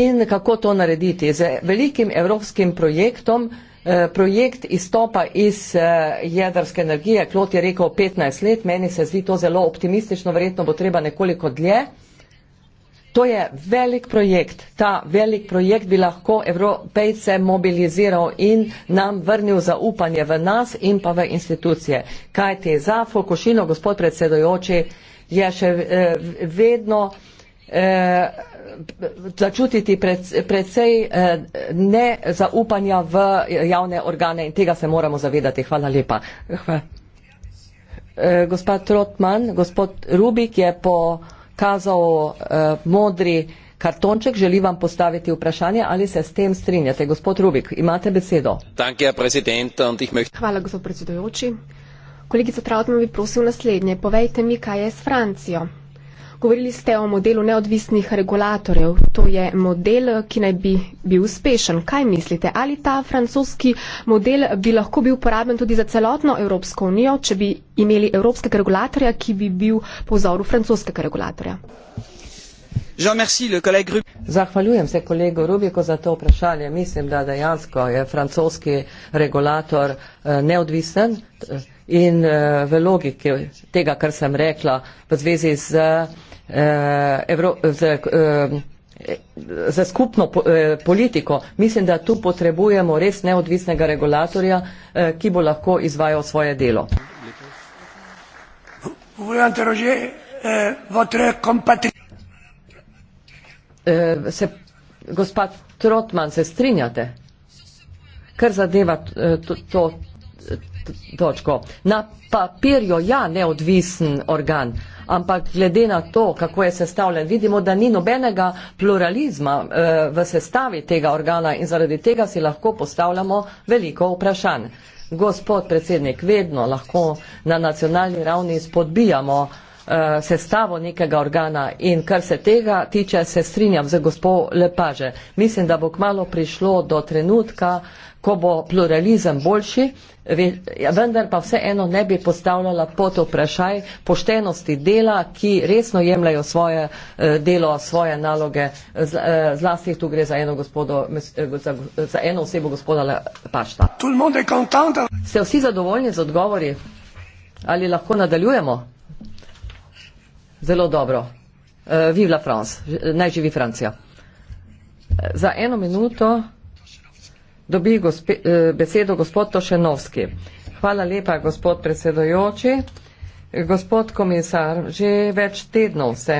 In kako to narediti? Z velikim evropskim projektom Eh, projekt izstopa iz eh, jedrske energije, Klot je rekel 15 let, meni se zdi to zelo optimistično, verjetno bo treba nekoliko dlje. To je velik projekt, ta velik projekt bi lahko evropejce mobiliziral in nam vrnil zaupanje v nas in pa v institucije. Kaj ti za Fukushino, gospod predsedojoči, je še eh, vedno eh, začutiti predvsej eh, nezaupanja v javne organe in tega se moramo zavedati. Hvala lepa. Eh, gospod Trotman, gospod Rubik je pokazal eh, modri kartonček, želi vam postaviti vprašanje, ali se s tem strinjate. Gospod Rubik, imate besedo. Hvala, gospod predsedujoči. Kolegica Trautman bi prosil naslednje. Povejte mi, kaj je s Francijo. Govorili ste o modelu neodvisnih regulatorjev. To je model, ki naj bi bil uspešen. Kaj mislite? Ali ta francoski model bi lahko bil uporaben tudi za celotno Evropsko unijo, če bi imeli evropskega regulatorja, ki bi bil po vzoru francoskega regulatorja? Zahvaljujem se kolegu Rubiku za to vprašanje. Mislim, da dejansko je francoski regulator eh, neodvisen eh, in eh, v logiki tega, kar sem rekla v zvezi z Eh, Evro, z, eh, za skupno eh, politiko. Mislim, da tu potrebujemo res neodvisnega regulatorja, ki bo lahko izvajal svoje delo. Se, gospa Trotman, se strinjate, kar zadeva to, to točko. Na papirju ja neodvisen organ ampak glede na to, kako je sestavljen, vidimo, da ni nobenega pluralizma eh, v sestavi tega organa in zaradi tega si lahko postavljamo veliko vprašanj. Gospod predsednik, vedno lahko na nacionalni ravni spodbijamo eh, sestavo nekega organa in kar se tega tiče, se strinjam za gospod Lepaže. Mislim, da bo kmalo prišlo do trenutka, ko bo pluralizem boljši. Ja, vendar pa vseeno ne bi postavljala pod vprašaj poštenosti dela, ki resno jemljajo svoje eh, delo, svoje naloge, eh, zlasti tu gre za eno, gospodo, eh, za, za eno osebo gospoda Pašta. Ste vsi zadovoljni z odgovori? Ali lahko nadaljujemo? Zelo dobro. Vive la France, naj živi Francija. Za eno minuto dobi gospe, eh, besedo gospod Tošenovski. Hvala lepa, gospod predsedojoči. Gospod komisar, že več tednov se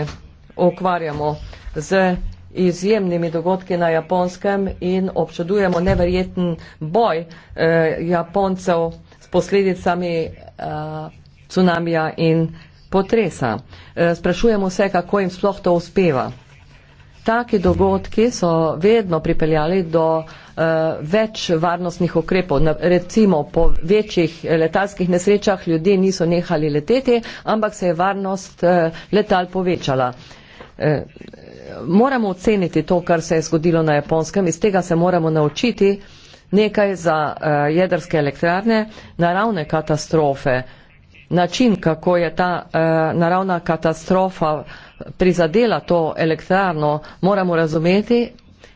ukvarjamo z izjemnimi dogodki na Japonskem in občudujemo neverjeten boj eh, Japoncev s posledicami eh, cunamija in potresa. Eh, sprašujemo se, kako jim sploh to uspeva. Taki dogodki so vedno pripeljali do uh, več varnostnih ukrepov. Na, recimo po večjih letalskih nesrečah ljudje niso nehali leteti, ampak se je varnost uh, letal povečala. Uh, moramo oceniti to, kar se je zgodilo na Japonskem, iz tega se moramo naučiti nekaj za uh, jedrske elektrarne, naravne katastrofe. Uh, način, kako je ta eh, naravna katastrofa prizadela to elektrarno, moramo razumeti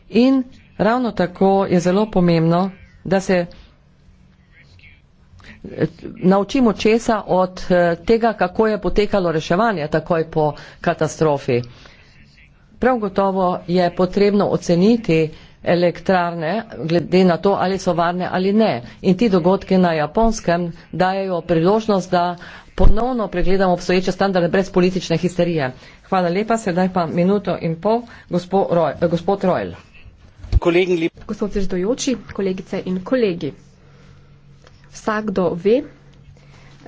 in ravno tako je zelo pomembno, da se eh, naučimo česa od eh, tega, kako je potekalo reševanje takoj po katastrofi. Prav gotovo je potrebno oceniti eh, elektrarne, glede na to, ali so varne ali ne. In ti dogodki na japonskem dajo priložnost, da ponovno pregledamo obstoječe standarde brez politične histerije. Hvala lepa, sedaj pa minuto in pol, gospo Roj, eh, gospod Rojl. Gospod predsedujoči, kolegice in kolegi. Vsakdo ve,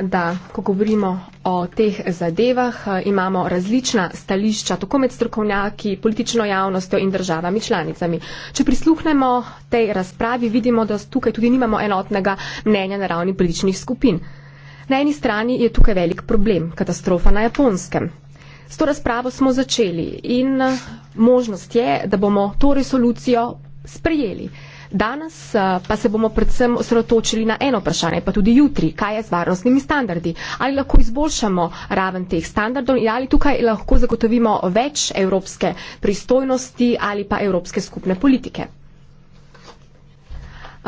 da ko govorimo o teh zadevah, eh, imamo različna stališča, tako med strokovnjaki, politično javnostjo in državami članicami. Če prisluhnemo tej razpravi, vidimo, da tukaj tudi nimamo enotnega mnenja na ravni političnih skupin. Na eni strani je tukaj velik problem, katastrofa na japonskem. S to razpravo smo začeli in eh, možnost je, da bomo to resolucijo sprejeli. Danes eh, pa se bomo predvsem osredotočili na eno vprašanje, pa tudi jutri, kaj je z varnostnimi standardi. Ali lahko izboljšamo raven teh standardov in ali tukaj lahko zagotovimo več evropske pristojnosti ali pa evropske skupne politike.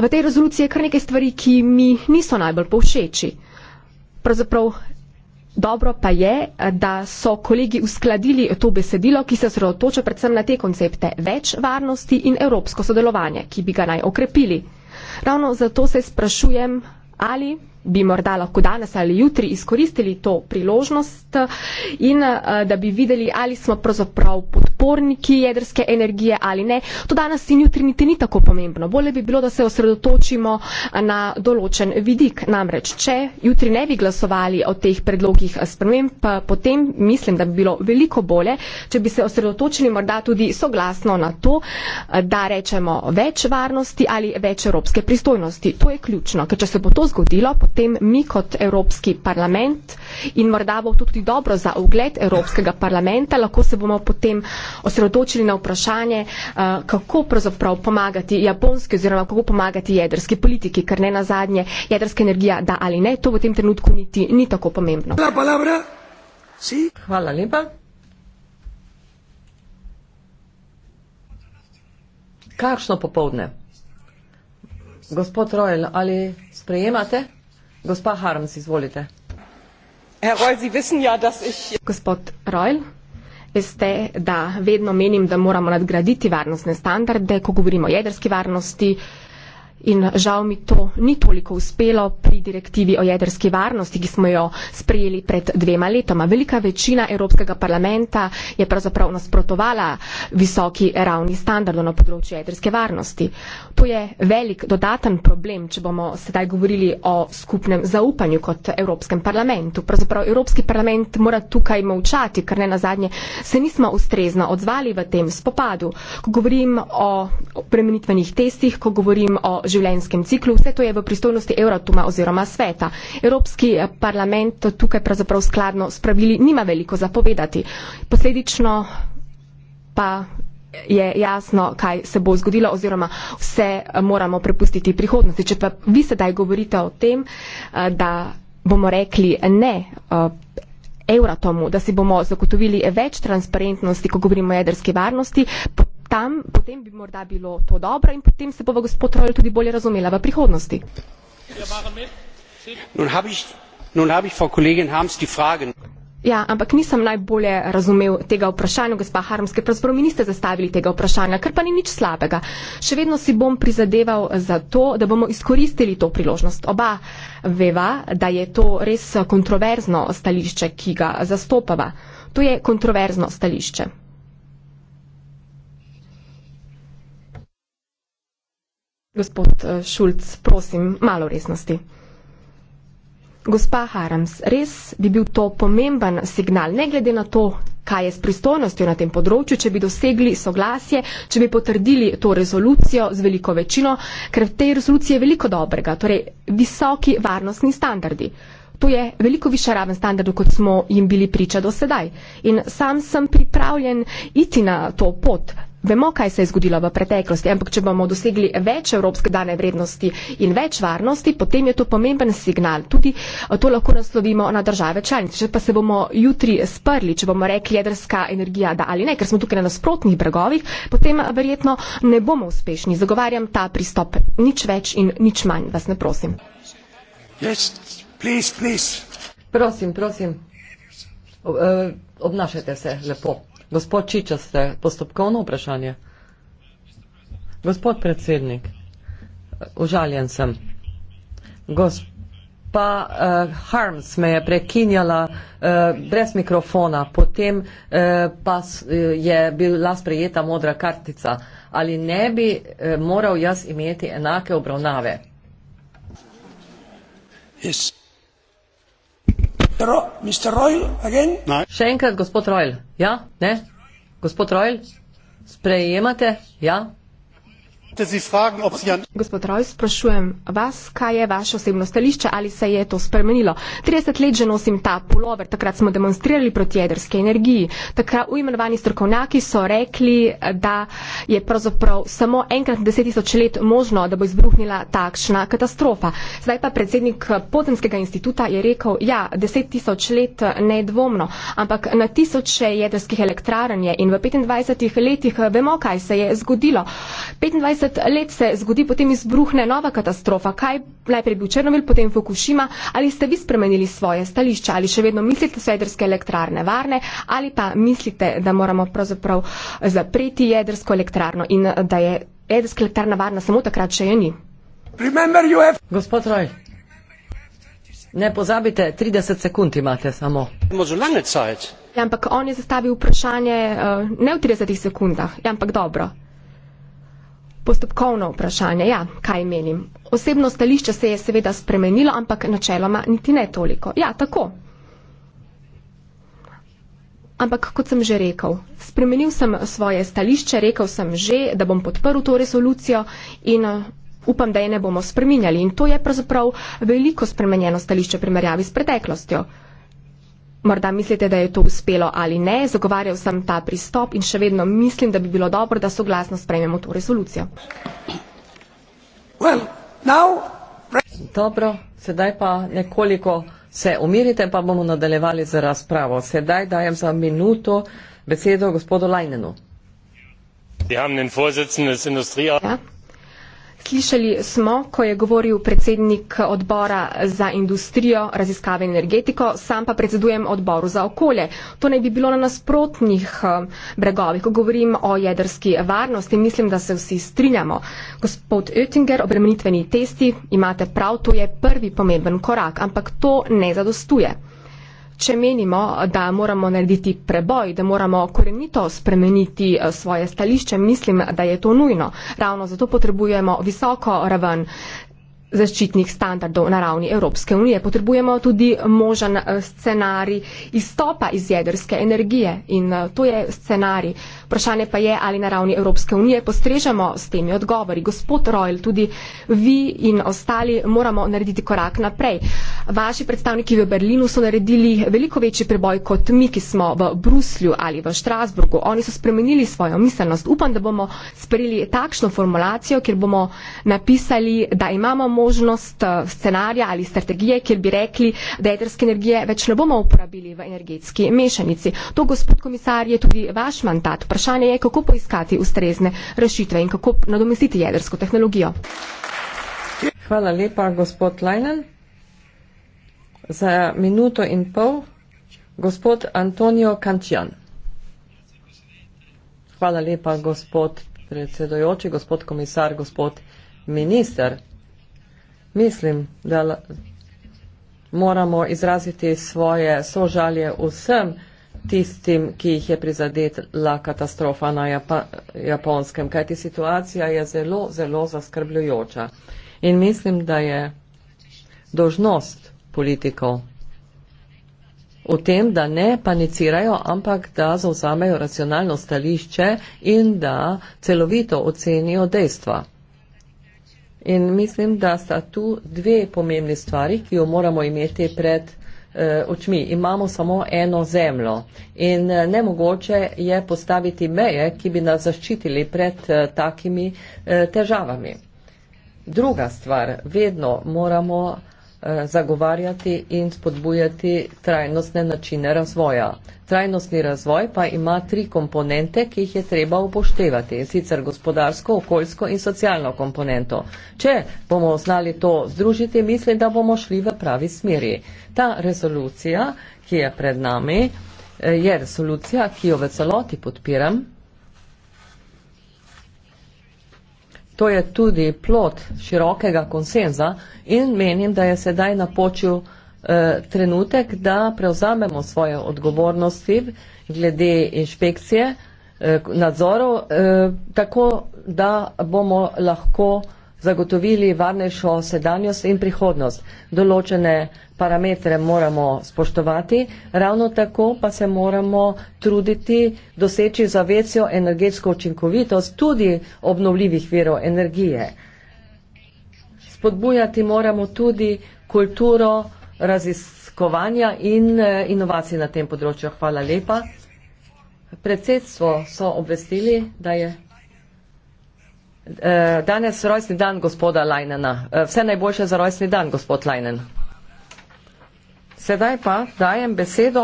V tej rezoluciji je kar nekaj stvari, ki mi niso najbolj povšeči. Pravzaprav Dobro pa je, da so kolegi uskladili to besedilo, ki se sredotoča predvsem na te koncepte več varnosti in evropsko sodelovanje, ki bi ga naj okrepili. Ravno zato se sprašujem, ali bi morda lahko danes ali jutri izkoristili to priložnost in eh, da bi videli, ali smo pravzaprav podporniki jedrske energije ali ne. To danes in jutri niti ni tako pomembno. Bolje bi bilo, da se osredotočimo eh, na določen vidik. Namreč, če jutri ne bi glasovali o teh predlogih eh, sprememb, potem mislim, da bi bilo veliko bolje, če bi se osredotočili morda tudi soglasno na to, da rečemo več varnosti ali več evropske pristojnosti. To je ključno, ker če se bo to zgodilo, potem mi kot Evropski parlament in morda bo to tudi dobro za ugled Evropskega parlamenta, lahko se bomo potem osredotočili na vprašanje, eh, kako pravzaprav pomagati japonski oziroma kako pomagati jedrski politiki, ker ne na zadnje jedrska energija da ali ne, to v tem trenutku niti ni tako pomembno. Hvala lepa. Kakšno popovdne? Gospod Rojl, ali sprejemate? Gospa Harms, izvolite. Ja, Gospod Rojl, veste, da vedno menim, da moramo nadgraditi varnostne standarde, ko govorimo o jedrski varnosti, In žal mi to ni toliko uspelo pri direktivi o jedrski varnosti, ki smo jo sprejeli pred dvema letoma. Velika večina Evropskega parlamenta je pravzaprav nasprotovala visoki ravni standardov na področju jedrske varnosti. To je velik dodaten problem, če bomo sedaj govorili o skupnem zaupanju kot Evropskem parlamentu. Pravzaprav Evropski parlament mora tukaj molčati, ker ne na zadnje se nismo ustrezno odzvali v tem spopadu. Ko govorim o premenitvenih testih, ko govorim o življenjskem ciklu. Vse to je v pristojnosti Euratuma oziroma sveta. Evropski eh, parlament tukaj pravzaprav skladno s pravili nima veliko zapovedati. Posledično pa je jasno, kaj se bo zgodilo oziroma vse eh, moramo prepustiti prihodnosti. Če pa vi sedaj govorite o tem, eh, da bomo rekli ne Euratomu, da si bomo zagotovili več transparentnosti, ko govorimo o jedrski varnosti, tam, potem bi morda bilo to dobro in potem se bo gospod Rojl tudi bolje razumela v prihodnosti. Ja, ampak nisem najbolje razumel tega vprašanja, gospa Harms, ker pravzaprav mi niste zastavili tega vprašanja, kar pa ni nič slabega. Še vedno si bom prizadeval za to, da bomo izkoristili to priložnost. Oba veva, da je to res kontroverzno stališče, ki ga zastopava. To je kontroverzno stališče. Gospod eh, Šulc, prosim, malo resnosti. Gospa Harams, res bi bil to pomemben signal, ne glede na to, kaj je s pristojnostjo na tem področju, če bi dosegli soglasje, če bi potrdili to rezolucijo z veliko večino, ker v tej rezoluciji je veliko dobrega, torej visoki varnostni standardi. To je veliko višja raven standardov, kot smo jim bili priča do sedaj. In sam sem pripravljen iti na to pot, Vemo, kaj se je zgodilo v preteklosti, ampak če bomo dosegli več evropske dane vrednosti in več varnosti, potem je to pomemben signal. Tudi eh, to lahko naslovimo na države članice. Če pa se bomo jutri sprli, če bomo rekli jedrska energija da ali ne, ker smo tukaj na nasprotnih bregovih, potem eh, verjetno ne bomo uspešni. Zagovarjam ta pristop. Nič več in nič manj. Vas ne prosim. Yes, please, please. Prosim, prosim. Eh, obnašajte se lepo. Gospod Čiča ste, postopkovno vprašanje. Gospod predsednik, užaljen sem. Gospa uh, Harms me je prekinjala uh, brez mikrofona, potem uh, pa je bila sprejeta modra kartica. Ali ne bi uh, moral jaz imeti enake obravnave? Yes. Mr. Royal, again? No. Še enkrat, gospod Royal, ja, ne? Gospod Royal, sprejemate, ja? Gospod Roj, sprašujem vas, kaj je vaše osebno stališče, ali se je to spremenilo? 30 let že nosim ta pulover, takrat smo demonstrirali proti jedrske energiji. Takrat ujmenovani strokovnjaki so rekli, da je pravzaprav samo enkrat na 10 tisoč let možno, da bo izbruhnila takšna katastrofa. Zdaj pa predsednik Potenskega instituta je rekel, ja, 10 tisoč let nedvomno, ampak na tisoče jedrskih elektrarn je in v 25 letih vemo, kaj se je zgodilo. 25 30 let se zgodi, potem izbruhne nova katastrofa. Kaj najprej bil Črnovil, potem Fukushima? Ali ste vi spremenili svoje stališče, ali še vedno mislite, da so jedrske elektrarne varne, ali pa mislite, da moramo pravzaprav eh, zapreti jedrsko elektrarno in eh, da je jedrska elektrarna varna samo takrat, če je ni? Gospod Roj. Ne pozabite, 30 sekund imate samo. Ja, ampak on je zastavil vprašanje eh, ne v 30 sekundah, ja, ampak dobro. Postopkovno vprašanje, ja, kaj menim. Osebno stališče se je seveda spremenilo, ampak načeloma niti ne toliko. Ja, tako. Ampak kot sem že rekel, spremenil sem svoje stališče, rekel sem že, da bom podprl to resolucijo in eh, upam, da je ne bomo spreminjali. In to je pravzaprav veliko spremenjeno stališče primerjavi s preteklostjo morda mislite, da je to uspelo ali ne, zagovarjal sem ta pristop in še vedno mislim, da bi bilo dobro, da soglasno sprejmemo to rezolucijo. Well, now... Dobro, sedaj pa nekoliko se umirite, pa bomo nadaljevali z razpravo. Sedaj dajem za minuto besedo gospodu Lajnenu. Ja. Slišali smo, ko je govoril predsednik odbora za industrijo, raziskave in energetiko, sam pa predsedujem odboru za okolje. To naj bi bilo na nasprotnih eh, bregovih, ko govorim o jedrski varnosti, mislim, da se vsi strinjamo. Gospod Oettinger, obremenitveni testi, imate prav, to je prvi pomemben korak, ampak to ne zadostuje. Če menimo, da moramo narediti preboj, da moramo korenito spremeniti eh, svoje stališče, mislim, da je to nujno. Ravno zato potrebujemo visoko raven zaščitnih standardov na ravni Evropske unije. Potrebujemo tudi možen eh, scenarij izstopa iz jedrske energije in eh, to je scenarij, Vprašanje pa je, ali na ravni Evropske unije postrežemo s temi odgovori. Gospod Royal, tudi vi in ostali moramo narediti korak naprej. Vaši predstavniki v Berlinu so naredili veliko večji preboj kot mi, ki smo v Bruslju ali v Štrasburgu. Oni so spremenili svojo miselnost. Upam, da bomo sprejeli takšno formulacijo, kjer bomo napisali, da imamo možnost eh, scenarija ali strategije, kjer bi rekli, da jedrske energije več ne bomo uporabili v energetski mešanici. To, gospod komisar, je tudi vaš mandat. Vpraš vprašanje je, kako poiskati ustrezne rešitve in kako nadomestiti jedrsko tehnologijo. Hvala lepa, gospod Lajnen. Za minuto in pol, gospod Antonijo Kančjan. Hvala lepa, gospod predsedojoči, gospod komisar, gospod minister. Mislim, da moramo izraziti svoje sožalje vsem, ki tistim, ki jih je prizadetla katastrofa na Japo Japonskem, kajti situacija je zelo, zelo zaskrbljujoča. In mislim, da je dožnost politikov v tem, da ne panicirajo, ampak da zauzamejo racionalno stališče in da celovito ocenijo dejstva. In mislim, da sta tu dve pomembni stvari, ki jo moramo imeti pred Eh, očmi. Imamo samo eno zemljo in eh, nemogoče je postaviti meje, ki bi nas zaščitili pred eh, takimi težavami. Druga stvar, vedno moramo Eh, zagovarjati in spodbujati trajnostne načine razvoja. Trajnostni razvoj pa ima tri komponente, ki jih je treba upoštevati, in sicer gospodarsko, okoljsko in socialno komponento. Če bomo znali to združiti, mislim, da bomo šli v pravi smeri. Ta resolucija, ki je pred nami, eh, je resolucija, ki jo v celoti podpiram. To je tudi plot širokega konsenza in menim, da je sedaj napočil eh, trenutek, da prevzamemo svoje odgovornosti glede inšpekcije, eh, nadzorov, eh, tako da bomo lahko zagotovili varnejšo sedanjost in prihodnost. Določene parametre moramo spoštovati, ravno tako pa se moramo truditi doseči za večjo energetsko učinkovitost tudi obnovljivih virov energije. Spodbujati moramo tudi kulturo raziskovanja in eh, inovacij na tem področju. Hvala lepa. Predsedstvo so obvestili, da je eh, danes rojstni dan gospoda Lajnena. Eh, vse najboljše za rojstni dan, gospod Lajnen. Sedaj pa dajem besedo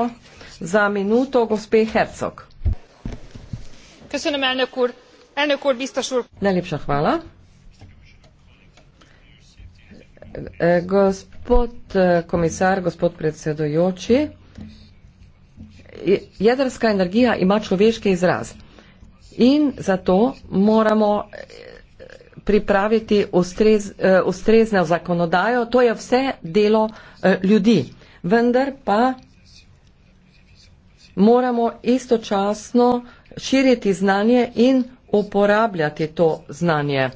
za minuto gospe Hercog. Najlepša hvala. E, gospod e, komisar, gospod predsedujoči, jedrska energija ima človeški izraz in zato moramo e, pripraviti ustrez, ustrezno zakonodajo, to je vse delo ljudi vendar pa moramo istočasno širiti znanje in uporabljati to znanje.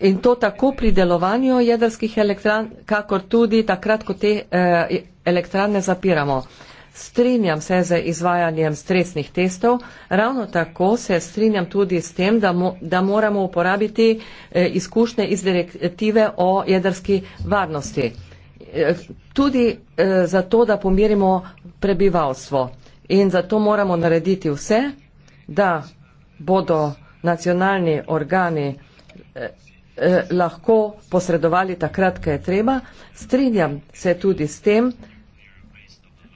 In to tako pri delovanju jedrskih elektran, kakor tudi takrat, ko te eh, elektrane zapiramo. Strinjam se z izvajanjem stresnih testov, ravno tako se strinjam tudi s tem, da, mo, da moramo uporabiti eh, izkušnje iz direktive o jedrski varnosti. Eh, tudi eh, zato, da pomirimo prebivalstvo. In zato moramo narediti vse, da bodo nacionalni organi eh, lahko posredovali takrat, kaj je treba. Strinjam se tudi s tem,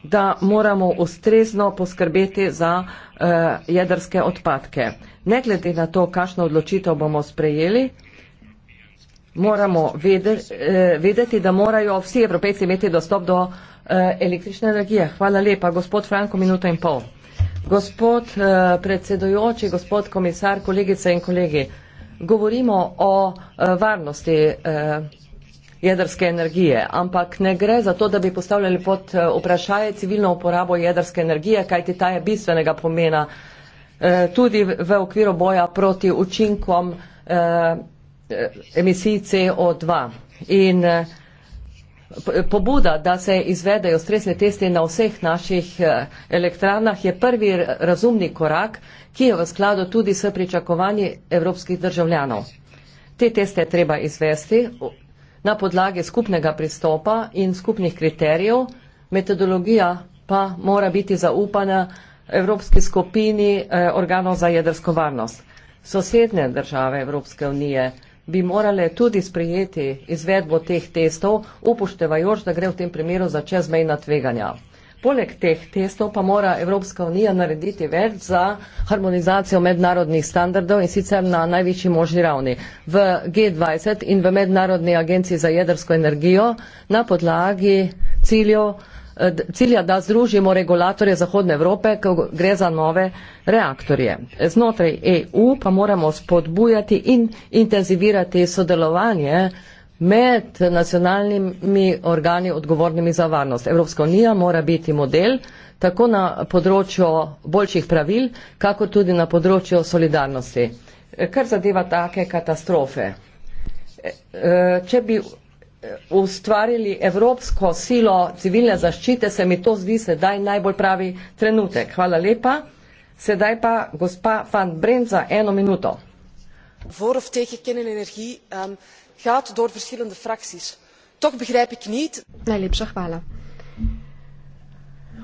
da moramo ustrezno poskrbeti za jedrske odpadke. Ne glede na to, kakšno odločitev bomo sprejeli, moramo eh, vedeti, da morajo vsi evropejci imeti dostop do eh, električne energije. Hvala lepa, gospod Franko, minuta in pol. Gospod eh, predsedojoči, gospod komisar, kolegice in kolegi, govorimo o varnosti jedrske energije, ampak ne gre za to, da bi postavljali pod vprašanje civilno uporabo jedrske energije, kajti ta je bistvenega pomena tudi v okviru boja proti učinkom Eh, emisij CO2. In eh, pobuda, da se izvedejo stresni testi na vseh naših eh, elektrarnah, je prvi razumni korak, ki je v skladu tudi s pričakovanji evropskih državljanov. Te teste je treba izvesti na podlagi skupnega pristopa in skupnih kriterijev, metodologija pa mora biti zaupana Evropski skupini eh, organov za jedrsko varnost. Sosednje države Evropske unije bi morale tudi sprejeti izvedbo teh testov, upoštevajoč, da gre v tem primeru za čezmejna tveganja. Poleg teh testov pa mora Evropska unija narediti več za harmonizacijo mednarodnih standardov in sicer na najvišji možni ravni. V G20 in v Mednarodni agenciji za jedrsko energijo na podlagi ciljev Eh, cilja, da združimo regulatorje Zahodne Evrope, ko gre za nove reaktorje. Znotraj EU pa moramo spodbujati in intenzivirati sodelovanje med nacionalnimi organi odgovornimi za varnost. Evropska unija mora biti model tako na področju boljših pravil, kako tudi na področju solidarnosti. Kar zadeva take katastrofe. Eh, če bi ustvarili evropsko silo civilne zaščite, se mi to zdi sedaj najbolj pravi trenutek. Hvala lepa. Sedaj pa gospa Van Brent za eno minuto. Voor of tegen kernenergie um, ehm, gaat door verschillende fracties. Toch begrijp ik niet. Najlepša hvala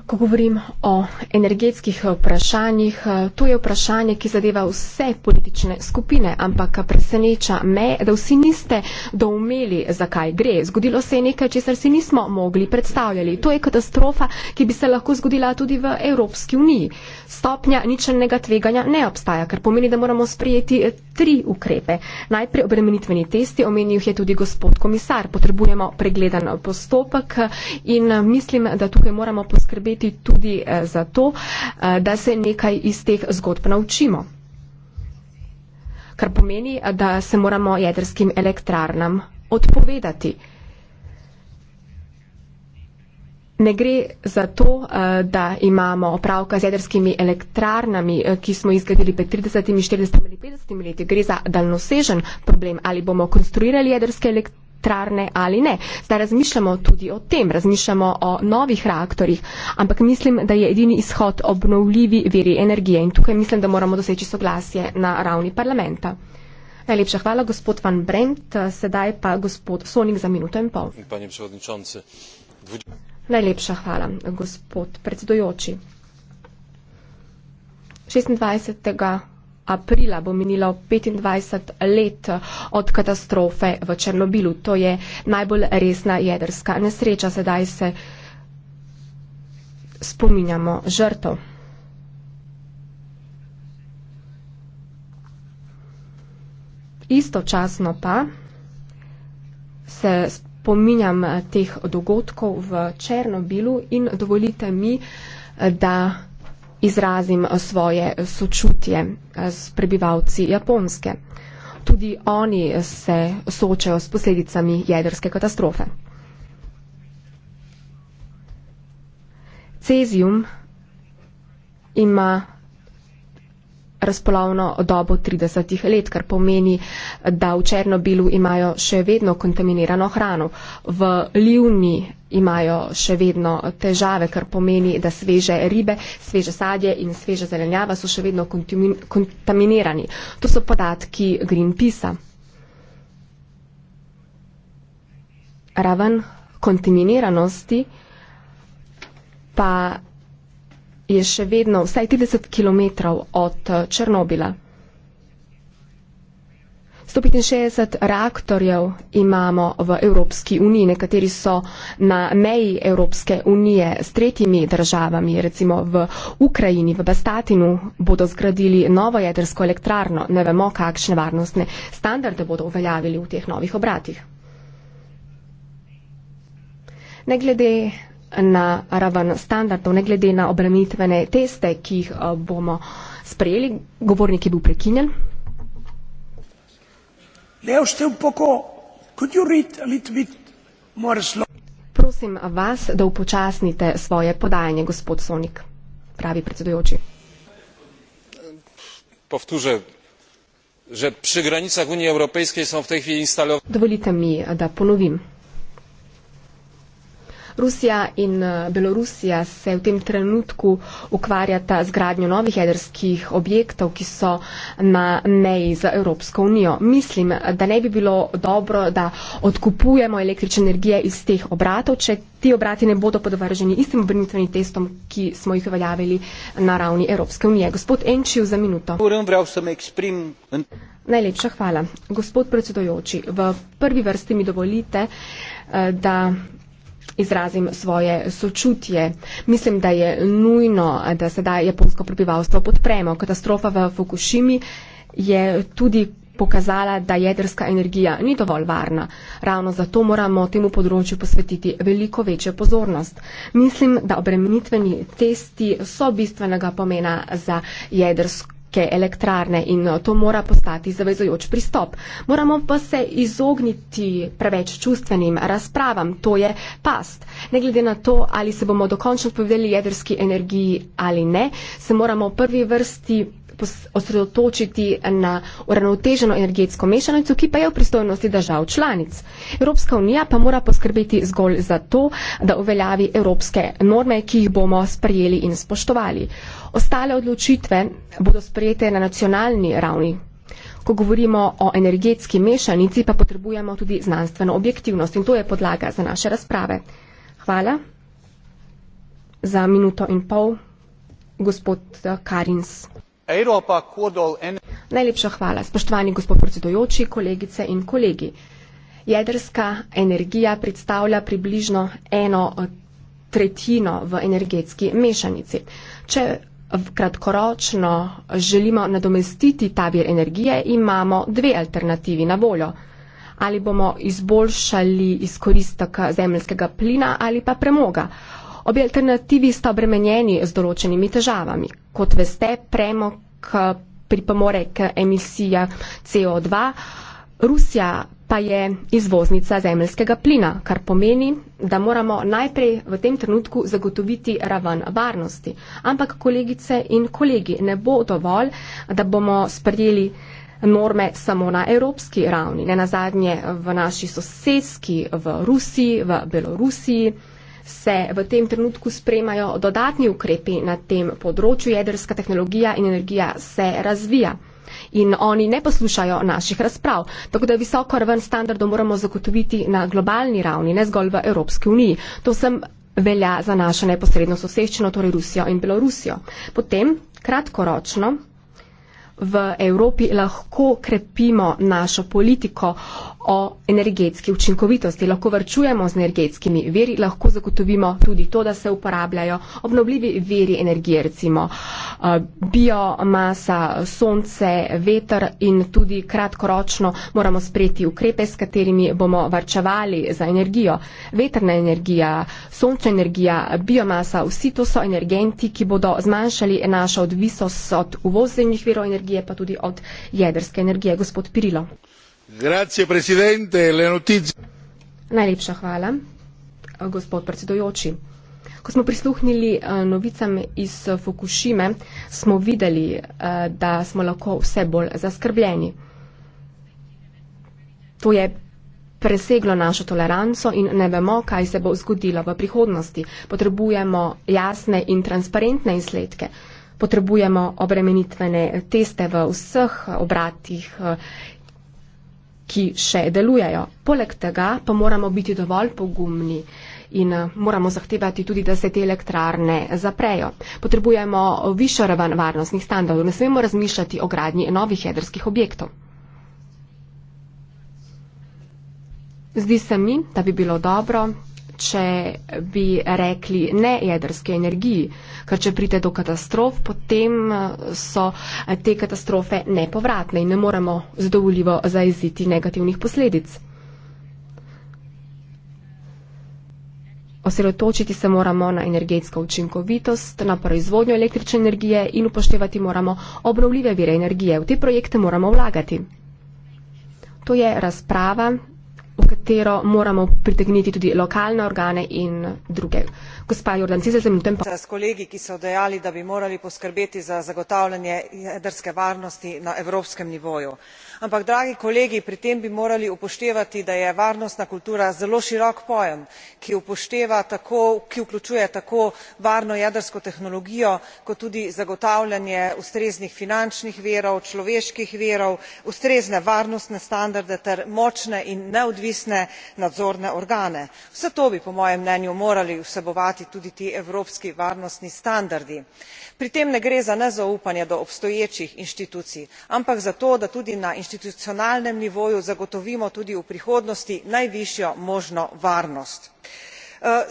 ko govorim o energetskih vprašanjih, eh, to je vprašanje, ki zadeva vse politične skupine, ampak preseneča me, da vsi niste doumeli, zakaj gre. Zgodilo se je nekaj, česar si nismo mogli predstavljati. To je katastrofa, ki bi se lahko zgodila tudi v Evropski uniji. Stopnja ničelnega tveganja ne obstaja, kar pomeni, da moramo sprijeti eh, tri ukrepe. Najprej obremenitveni testi, omenil jih je tudi gospod komisar. Potrebujemo pregledan eh, postopek in mislim, da tukaj moramo poskrbeti poskrbeti tudi eh, za to, eh, da se nekaj iz teh zgodb naučimo. Kar pomeni, eh, da se moramo jedrskim elektrarnam odpovedati. Ne gre za to, da imamo opravka z jedrskimi elektrarnami, ki smo jih zgradili pred 30, 40 ali 50 leti. Gre za daljnosežen problem, ali bomo konstruirali jedrske elektrarne elektrarne ali ne. Zdaj razmišljamo tudi o tem, razmišljamo o novih reaktorjih, ampak mislim, da je edini izhod obnovljivi veri energije in tukaj mislim, da moramo doseči soglasje na ravni parlamenta. Najlepša hvala, gospod Van Brent, sedaj pa gospod Sonik za minuto in pol. Najlepša hvala, gospod predsedujoči. 26 aprila bo minilo 25 let od katastrofe v Černobilu. To je najbolj resna jedrska nesreča. Sedaj se spominjamo žrtov. Istočasno pa se spominjam teh dogodkov v Černobilu in dovolite mi, da izrazim eh, svoje eh, sočutje eh, s prebivalci Japonske. Tudi oni se soočajo s posledicami jedrske katastrofe. Cezium ima razpolovno dobo 30 let, kar pomeni, da v Černobilu imajo še vedno kontaminirano hrano. V Livni imajo še vedno težave, kar pomeni, da sveže ribe, sveže sadje in sveže zelenjava so še vedno kontaminirani. To so podatki Greenpeacea. Raven kontaminiranosti pa je še vedno vsaj 30 km od eh, Černobila. 165 reaktorjev imamo v Evropski uniji, nekateri so na meji Evropske unije s tretjimi državami, recimo v Ukrajini, v Bastatinu bodo zgradili novo jedrsko elektrarno, ne vemo, kakšne varnostne standarde bodo uveljavili v teh novih obratih. Ne glede na raven standardov, ne glede na obremenitvene teste, ki jih eh, bomo sprejeli. Govornik je bil prekinjen. Prosim vas, da upočasnite svoje podajanje, gospod Sonik, pravi predsedujoči. Povtuže, že pri granicah Unije Evropske so v tej hvili instalirali. Dovolite mi, da ponovim. Rusija in eh, Belorusija se v tem trenutku ukvarjata z gradnjo novih jedrskih objektov, ki so na meji z Evropsko unijo. Mislim, da ne bi bilo dobro, da odkupujemo električne energije iz teh obratov, če ti obrati ne bodo podvrženi istim obrnitvenim testom, ki smo jih uveljavili na ravni Evropske unije. Gospod Enčil, za minuto. Najlepša hvala. Gospod predsedojoči, v prvi vrsti mi dovolite, eh, da izrazim svoje sočutje. Mislim, da je nujno, da sedaj japonsko prebivalstvo podpremo. Katastrofa v Fukushimi je tudi pokazala, da jedrska energija ni dovolj varna. Ravno zato moramo temu področju posvetiti veliko večjo pozornost. Mislim, da obremenitveni testi so bistvenega pomena za jedrsko jedrske elektrarne in eh, to mora postati zavezojoč pristop. Moramo pa se izogniti preveč čustvenim razpravam, to je past. Ne glede na to, ali se bomo dokončno povedali jedrski energiji ali ne, se moramo v prvi vrsti osredotočiti na uravnoteženo energetsko mešanico, ki pa je v pristojnosti držav članic. Evropska unija pa mora poskrbeti zgolj za to, da uveljavi evropske norme, ki jih bomo sprejeli in spoštovali. Ostale odločitve bodo sprejete na nacionalni ravni. Ko govorimo o energetski mešanici, pa potrebujemo tudi znanstveno objektivnost in to je podlaga za naše razprave. Hvala za minuto in pol, gospod Karins. Najlepša hvala. Spoštovani gospod predsedujoči, kolegice in kolegi. Jedrska energija predstavlja približno eno tretjino v energetski mešanici. Če kratkoročno želimo nadomestiti ta vir energije, imamo dve alternativi na voljo. Ali bomo izboljšali izkoristek zemljskega plina ali pa premoga. Obe alternativi sta obremenjeni z določenimi težavami kot veste, premog eh, pripomore k emisiji CO2. Rusija pa je izvoznica zemljskega plina, kar pomeni, da moramo najprej v tem trenutku zagotoviti raven varnosti. Ampak kolegice in kolegi, ne bo dovolj, da bomo sprejeli norme samo na evropski ravni, ne na zadnje v naši sosedski, v Rusiji, v Belorusiji se v tem trenutku spremajo dodatni ukrepi na tem področju. Jedrska tehnologija in energija se razvija. In oni ne poslušajo naših razprav. Tako da visoko raven standardov moramo zagotoviti na globalni ravni, ne zgolj v Evropski uniji. To sem velja za našo neposredno soseščino, torej Rusijo in Belorusijo. Potem, kratkoročno, v Evropi lahko krepimo našo politiko o energetski učinkovitosti. Lahko vrčujemo z energetskimi veri, lahko zagotovimo tudi to, da se uporabljajo obnovljivi veri energije, recimo eh, biomasa, sonce, veter in tudi kratkoročno moramo sprejeti ukrepe, s katerimi bomo varčevali za energijo. Veterna energija, sonce energija, biomasa, vsi to so energenti, ki bodo zmanjšali našo odvisnost od uvozenih virov energije, pa tudi od jedrske energije. Gospod Pirilo. Grazie, presidente. Le notizie. Najlepša hvala, gospod predsedojoči. Ko smo prisluhnili eh, novicam iz Fukushime, smo videli, eh, da smo lahko vse bolj zaskrbljeni. To je preseglo našo toleranco in ne vemo, kaj se bo zgodilo v prihodnosti. Potrebujemo jasne in transparentne izsledke. Potrebujemo obremenitvene teste v vseh obratih eh, ki še delujejo. Poleg tega pa moramo biti dovolj pogumni in eh, moramo zahtevati tudi, da se te elektrarne zaprejo. Potrebujemo višjo raven varnostnih standardov, ne smemo razmišljati o gradnji novih jedrskih objektov. Zdi se mi, da bi bilo dobro, če bi rekli ne jedrske energiji, ker če pride do katastrof, potem eh, so eh, te katastrofe nepovratne in ne moremo zadovoljivo zaeziti negativnih posledic. Osredotočiti se moramo na energetsko učinkovitost, na proizvodnjo električne energije in upoštevati moramo obnovljive vire energije. V te projekte moramo vlagati. To je razprava v katero moramo pritegniti tudi lokalne organe in druge. Gospa Jordan, si se zanim tem pa. S kolegi, ki so dejali, da bi morali poskrbeti za zagotavljanje jedrske varnosti na evropskem nivoju ampak dragi kolegi pri tem bi morali upoštevati da je varnostna kultura zelo širok pojem ki vključuje tako varno jedrsko tehnologijo kot tudi zagotavljanje ustreznih finančnih virov človeških virov ustrezne varnostne standarde ter močne in neodvisne nadzorne organe. vse to bi po mojem mnenju morali vsebovati tudi ti evropski varnostni standardi pri tem ne gre za nezaupanje do obstoječih inštitucij ampak za to da tudi na institucionalnem nivoju zagotovimo tudi v prihodnosti najvišjo možno varnost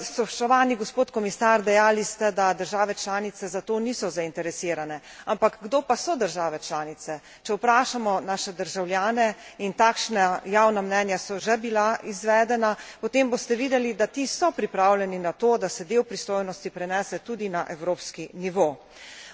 spoštovani gospod komisar dejali ste da države članice za to niso zainteresirane ampak kdo pa so države članice? če vprašamo naše državljane in takšna javna mnenja so že bila izvedena potem boste videli da ti so pripravljeni na to da se del pristojnosti prenese tudi na evropski nivo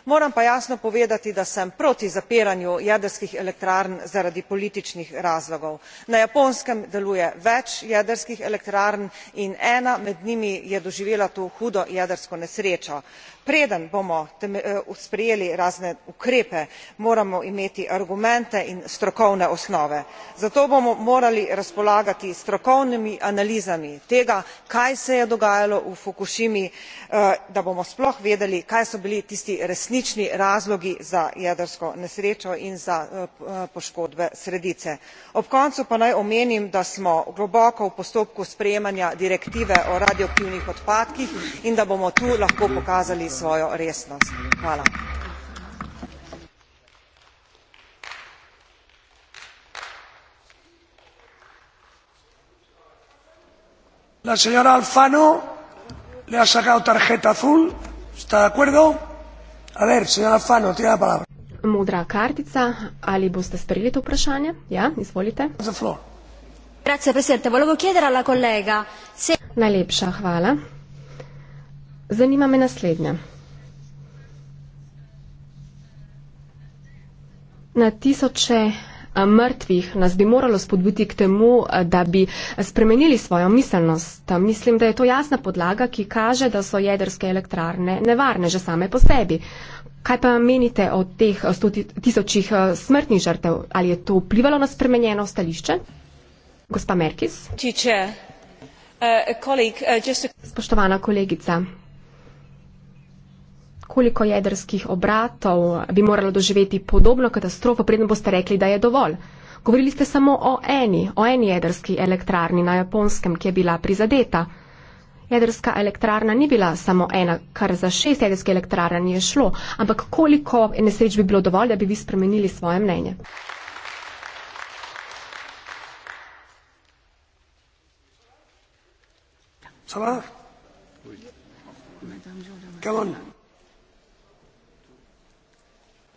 moram pa jasno povedati da sem proti zapiranju jedrskih elektrarn zaradi političnih razlogov. na japonskem deluje več jedrskih elektrarn in ena med njimi je doživela to hudo jedrsko nesrečo preden bomo eh, sprejeli razne ukrepe moramo imeti argumente in strokovne osnove zato bomo morali razpolagati s strokovnimi analizami tega kaj se je dogajalo v fukušimi eh, da bomo sploh vedeli kaj so bili tisti resnični razlogi za jedrsko nesrečo in za eh, poškodbe sredice. ob koncu pa naj omenim da smo globoko v postopku sprejemanja direktive o radioaktivnih odpadkih in da bomo tu lahko pokazali svojo resnost. Hvala. La señora Alfano le ha sacado tarjeta azul. ¿Está de acuerdo? A ver, señora Alfano, tiene la palabra. Modra kartica, ali boste sprejeli to vprašanje? Ja, izvolite. Grazie, presidente. Volevo chiedere alla collega se... Najlepša hvala. Zanima me naslednje. Na tisoče eh, mrtvih nas bi moralo spodbuditi k temu, eh, da bi spremenili svojo miselnost. Eh, mislim, da je to jasna podlaga, ki kaže, da so jedrske elektrarne nevarne že same po sebi. Kaj pa menite o teh tisočih smrtnih žrtev? Ali je to vplivalo na spremenjeno stališče? Gospa Merkis? Uh, uh, Spoštovana kolegica, koliko jedrskih obratov bi moralo doživeti podobno katastrofo, preden boste rekli, da je dovolj. Govorili ste samo o eni, o eni jedrski elektrarni na japonskem, ki je bila prizadeta. Jedrska elektrarna ni bila samo ena, kar za šest jedrskih elektrarn je šlo, ampak koliko nesreč bi bilo dovolj, da bi vi spremenili svoje mnenje. Come on.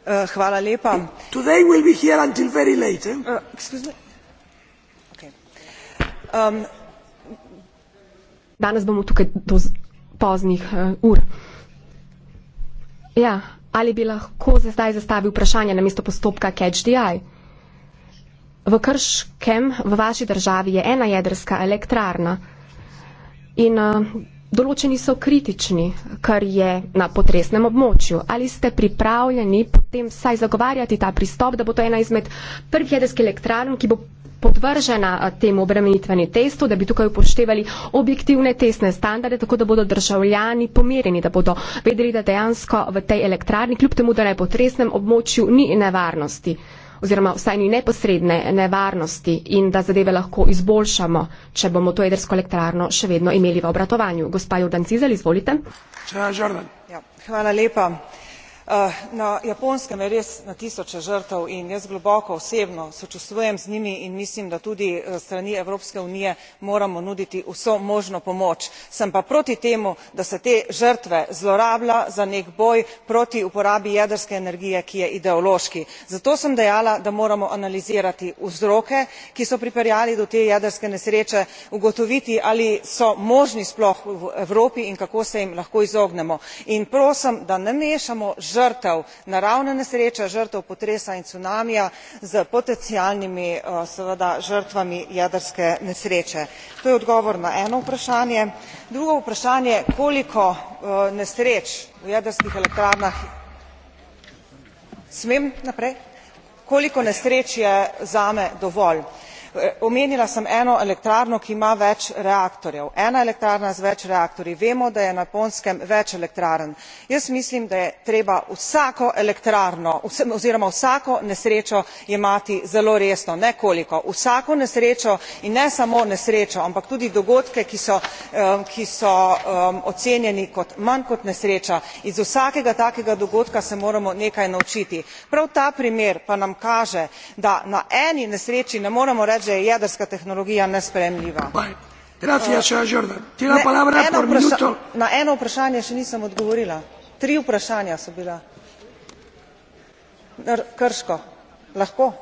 Eh, eh? Eh, um, danes bomo tukaj do poznih ur. Ja, ali bi lahko za zdaj zastavil vprašanje namesto postopka Catch the Eye? V Krškem, v vaši državi, je ena jedrska elektrarna in uh, Določeni so kritični, kar je na potresnem območju. Ali ste pripravljeni potem saj zagovarjati ta pristop, da bo to ena izmed prvih jedrskih elektrarn, ki bo podvržena temu obremenitveni testu, da bi tukaj upoštevali objektivne testne standarde, tako da bodo državljani pomirjeni, da bodo vedeli, da dejansko v tej elektrarni, kljub temu, da na potresnem območju ni nevarnosti oziroma vsaj ni neposredne nevarnosti in da zadeve lahko izboljšamo, če bomo to jedrsko elektrarno še vedno imeli v obratovanju. Gospa Jordan Cizel, izvolite. Ja, hvala lepa. Eh, na japonskem je res na tisoče žrtev in jaz globoko osebno sočustvujem z njimi in mislim da tudi eh, s strani evropske unije moramo nuditi vso možno pomoč sem pa proti temu da se te žrtve zlorablja za nek boj proti uporabi jedrske energije ki je ideološki zato sem dejala da moramo analizirati vzroke ki so pripeljali do te jedrske nesreče ugotoviti ali so možni sploh v evropi in kako se jim lahko izognemo in prosim da ne mešamo žrtev žrtev naravne nesreče žrtev potresa in cunamija s potencialnimi eh, seveda žrtvami jedrske nesreče to je odgovor na eno vprašanje drugo vprašanje koliko eh, nesreč v jedrskih elektrarnah smem naprej koliko nesreč je zame dovolj omenila sem eno elektrarno ki ima več reaktorjev ena elektrarna z več reaktorji vemo da je na japonskem več elektrarn jaz mislim da je treba vsako elektrarno oziroma vsako nesrečo jemati zelo resno ne koliko vsako nesrečo in ne samo nesrečo ampak tudi dogodke ki so um, um, ocenjeni kot manj kot nesreča iz vsakega takega dogodka se moramo nekaj naučiti prav ta primer pa nam kaže da na eni nesreči ne moremo reči da je vse narobe najbardziej jadarska tehnologija nesprejemljiva. Eh, na eno vprašanje še nisem odgovorila tri vprašanja so bila. krško lahko?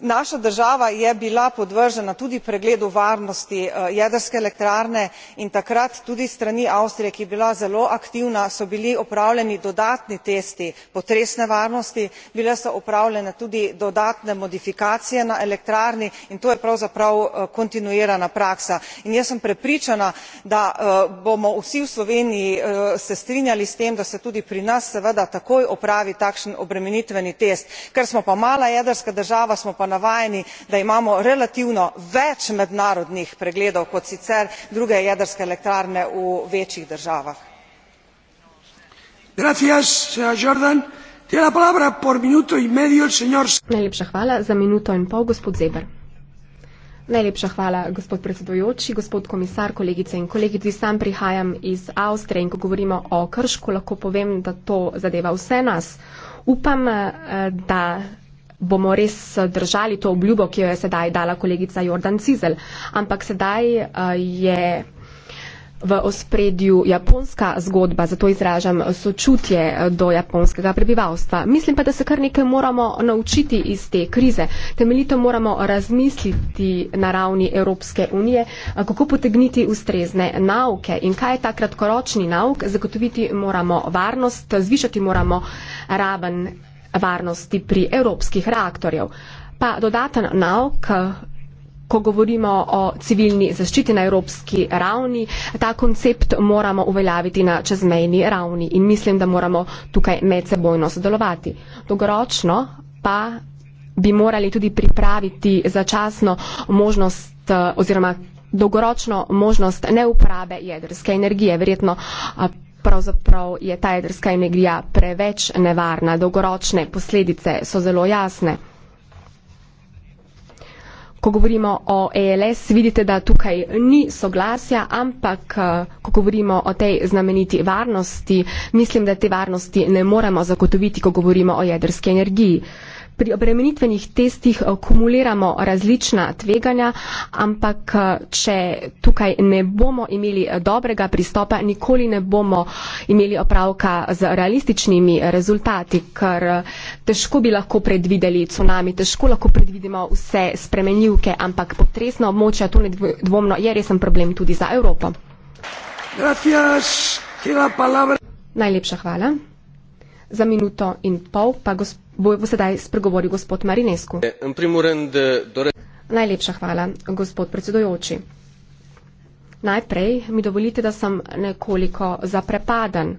naša država je bila podvržena tudi pregledu varnosti eh, jedrske elektrarne in takrat tudi s strani avstrije ki je bila zelo aktivna so bili opravljeni dodatni testi potresne varnosti bile so opravljene tudi dodatne modifikacije na elektrarni in to je pravzaprav eh, kontinuirana praksa in jaz sem prepričana da eh, bomo vsi v sloveniji se strinjali s tem da se tudi pri nas seveda takoj opravi takšen obremenitveni test ker smo pa mala jedrska država smo navajeni da imamo relativno več mednarodnih pregledov kot sicer druge jedrske elektrarne v večjih državah. najlepša hvala za minuto in pol gospod zeber. Najlepša hvala, gospod predsedujoči, gospod komisar, kolegice in kolegi. Tudi sam prihajam iz Avstrije in ko govorimo o kršku, lahko povem, da to zadeva vse nas. Upam, eh, da bomo res držali to obljubo, ki jo je sedaj dala kolegica Jordan Cizel. Ampak sedaj eh, je v ospredju japonska zgodba, zato izražam sočutje eh, do japonskega prebivalstva. Mislim pa, da se kar nekaj moramo naučiti iz te krize. Temeljito moramo razmisliti na ravni Evropske unije, eh, kako potegniti ustrezne nauke in kaj je ta kratkoročni nauk. Zagotoviti moramo varnost, zvišati moramo raven varnosti pri evropskih reaktorjev. Pa dodaten nauk, ko govorimo o civilni zaščiti na evropski ravni, ta koncept moramo uveljaviti na čezmejni ravni in mislim, da moramo tukaj medsebojno sodelovati. Dolgoročno pa bi morali tudi pripraviti začasno možnost eh, oziroma dolgoročno možnost neuporabe jedrske energije. Verjetno eh, pravzaprav je ta jedrska energija preveč nevarna, dolgoročne posledice so zelo jasne. Ko govorimo o ELS, vidite, da tukaj ni soglasja, ampak eh, ko govorimo o tej znameniti varnosti, mislim, da te varnosti ne moremo zagotoviti, ko govorimo o jedrski energiji. Uh, pri obremenitvenih testih eh, kumuliramo različna tveganja, ampak eh, če tukaj ne bomo imeli eh, dobrega pristopa, nikoli ne bomo imeli opravka z realističnimi rezultati, ker težko bi lahko predvideli cunami, težko lahko predvidimo vse spremenljivke, ampak potresno območje, to nedvomno, je resen problem tudi za Evropo. Gracias. Najlepša hvala. Za minuto in pol pa bo sedaj spregovoril gospod Marinesku. E, e, torej- Najlepša hvala, gospod predsedojoči. Najprej mi dovolite, da sem nekoliko zaprepaden.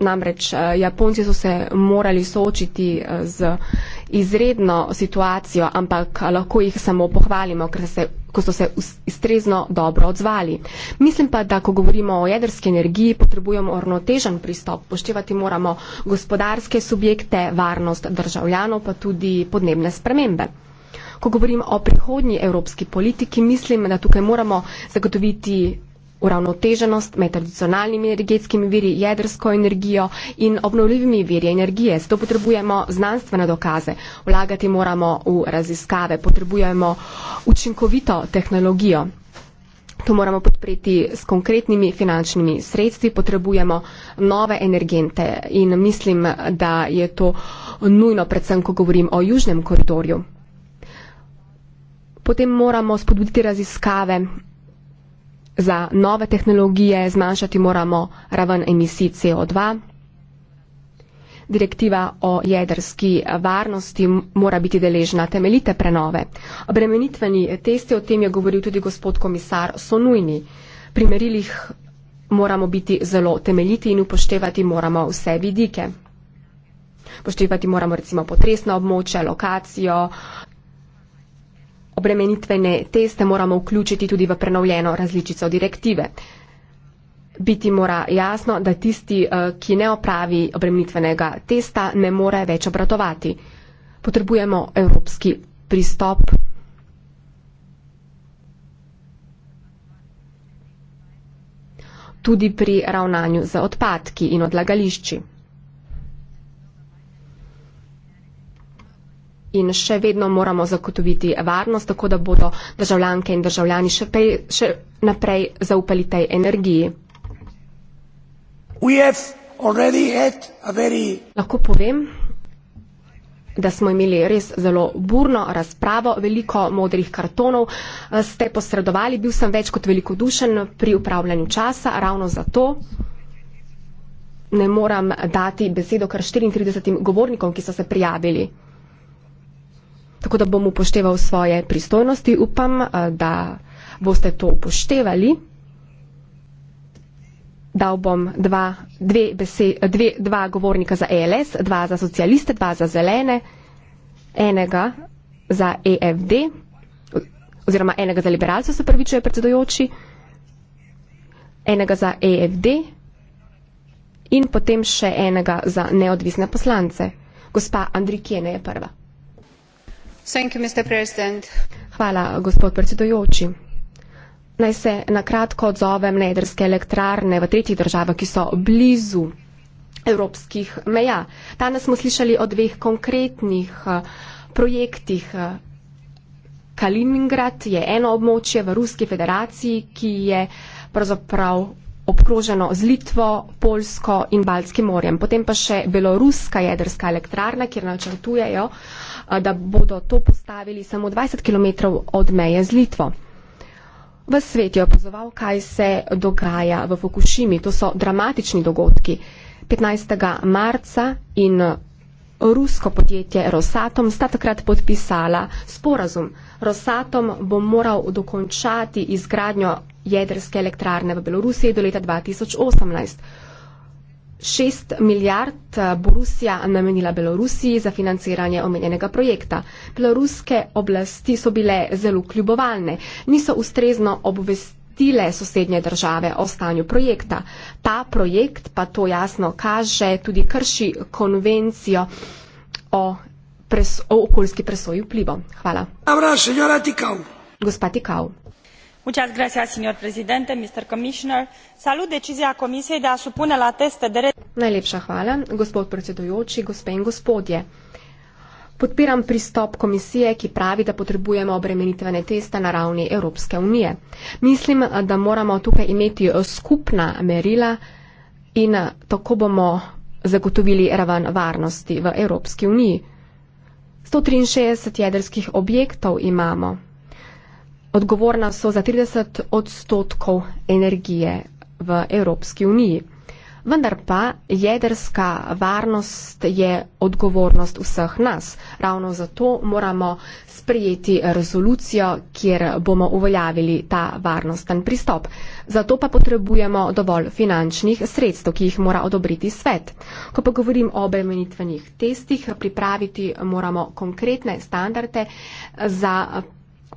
Namreč e, Japonci so se morali soočiti z izredno situacijo, ampak lahko jih samo pohvalimo, ker se ko so se ustrezno dobro odzvali. Mislim pa, da ko govorimo o jedrski energiji, potrebujemo ornotežen pristop. Poštevati moramo gospodarske subjekte, varnost državljanov, pa tudi podnebne spremembe. Ko govorim o prihodnji evropski politiki, mislim, da tukaj moramo zagotoviti uravnoteženost med tradicionalnimi energetskimi viri, jedrsko energijo in obnovljivimi viri energije. Zato potrebujemo znanstvene dokaze, vlagati moramo v raziskave, potrebujemo učinkovito tehnologijo. To moramo podpreti s konkretnimi finančnimi sredstvi, potrebujemo nove energente in mislim, da je to nujno, predvsem, ko govorim o južnem koridorju. Potem moramo spodbuditi raziskave za nove tehnologije zmanjšati moramo raven emisij CO2. Direktiva o jedrski varnosti mora biti deležna temeljite prenove. Obremenitveni testi, o tem je govoril tudi gospod komisar, so nujni. Pri merilih moramo biti zelo temeljiti in upoštevati moramo vse vidike. Upoštevati moramo recimo potresno območje, lokacijo, obremenitvene teste moramo vključiti tudi v prenovljeno različico direktive. Biti mora jasno, da tisti, eh, ki ne opravi obremenitvenega testa, ne more več obratovati. Potrebujemo evropski pristop. tudi pri ravnanju z odpadki in odlagališči. in še vedno moramo zagotoviti varnost, tako da bodo državljanke in državljani še, pej, še naprej zaupali tej energiji. Very... Lahko povem, da smo imeli res zelo burno razpravo, veliko modrih kartonov eh, ste posredovali, bil sem več kot velikodušen pri upravljanju časa, ravno zato ne moram dati besedo kar 34 govornikom, ki so se prijavili tako da bom upošteval svoje pristojnosti. Upam, eh, da boste to upoštevali. Dal bom dva, dve besed, dve, dva govornika za ELS, dva za socialiste, dva za zelene, enega za EFD oziroma enega za liberalce, se pravičuje predsedojoči, enega za EFD in potem še enega za neodvisne poslance. Gospa Andrikjene je prva. Hvala, gospod predsedujoči. Naj se na kratko odzovem na jedrske elektrarne v tretjih državah, ki so blizu evropskih meja. Danes smo slišali o dveh konkretnih eh, projektih. Eh, Kaliningrad je eno območje v Ruski federaciji, ki je pravzaprav obkroženo z Litvo, Polsko in Baltskim morjem. Potem pa še beloruska jedrska elektrarna, kjer načrtujejo uh, da bodo to postavili samo 20 km od meje z Litvo. V svet je opazoval, kaj se dogaja v Fukushimi. To so dramatični dogodki. 15. marca in rusko podjetje Rosatom sta takrat podpisala sporazum. Rosatom bo moral dokončati izgradnjo jedrske elektrarne v Belorusiji do leta 2018. Šest milijard eh, bo Rusija namenila Belorusiji za financiranje omenjenega projekta. Beloruske oblasti so bile zelo kljubovalne, niso ustrezno obvestile sosednje države o stanju projekta. Ta projekt pa to jasno kaže, tudi krši konvencijo o, pres o okoljski presoji vplivo. Hvala. Gospa Tikau salut decizija komisije da supune la teste de Najlepša hvala, gospod predsedujoči, gospe in gospodje. Podpiram pristop komisije, ki pravi, da potrebujemo obremenitvene teste na ravni Evropske unije. Mislim, da moramo tukaj imeti eh, skupna merila in eh, tako bomo zagotovili raven varnosti v Evropski uniji. 163 jedrskih objektov imamo odgovorna so za 30 odstotkov energije v Evropski uniji. Vendar pa jedrska varnost je odgovornost vseh nas. Ravno zato moramo sprejeti rezolucijo, kjer bomo uveljavili ta varnosten pristop. Zato pa potrebujemo dovolj finančnih sredstev, ki jih mora odobriti svet. Ko pa govorim o obremenitvenih testih, pripraviti moramo konkretne standarde za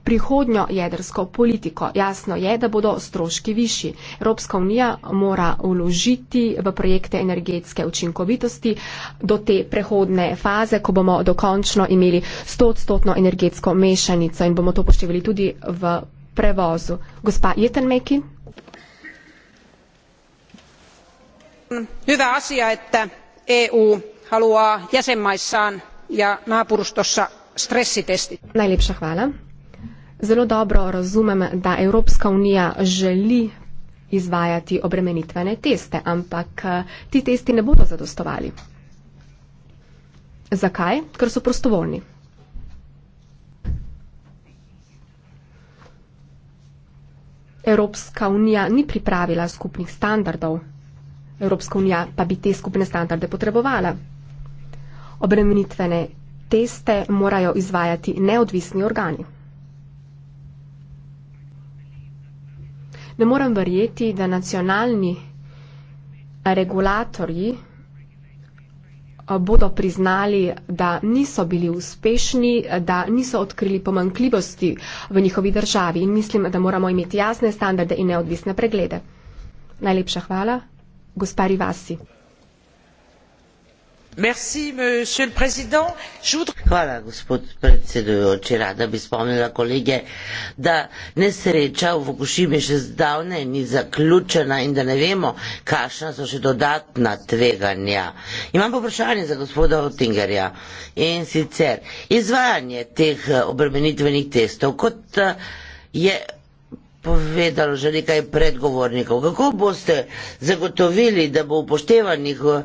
prihodnjo jedrsko politiko. Jasno je, da bodo stroški višji. Evropska unija mora uložiti v projekte energetske učinkovitosti do te prehodne faze, ko bomo dokončno imeli 100-odstotno energetsko mešanico in bomo to poštevali tudi v prevozu. Gospa Jetenmeki. Hyvä asia, että EU haluaa jäsenmaissaan ja naapurustossa stressitestit. Najlepša hvala zelo dobro razumem, da Evropska unija želi izvajati obremenitvene teste, ampak eh, ti testi ne bodo zadostovali. Zakaj? Ker so prostovoljni. Evropska unija ni pripravila skupnih standardov, Evropska unija pa bi te skupne standarde potrebovala. Obremenitvene teste morajo izvajati neodvisni organi. Ne morem verjeti, da nacionalni regulatorji eh, bodo priznali, da niso bili uspešni, da niso odkrili pomankljivosti v njihovi državi. In mislim, da moramo imeti jasne standarde in neodvisne preglede. Najlepša hvala. Gospa Rivasi monsieur le président je voudrais. hvala gospod predsedujoči rada bi spomnila kolege da nesreča v fukušimi še zdavnaj ni zaključena in da ne vemo kakšna so še dodatna tveganja imam pa vprašanje za gospoda otingerja in sicer izvajanje teh eh, obremenitvenih testov kot eh, je povedalo že nekaj predgovornikov kako boste zagotovili da bo upoštevanih eh,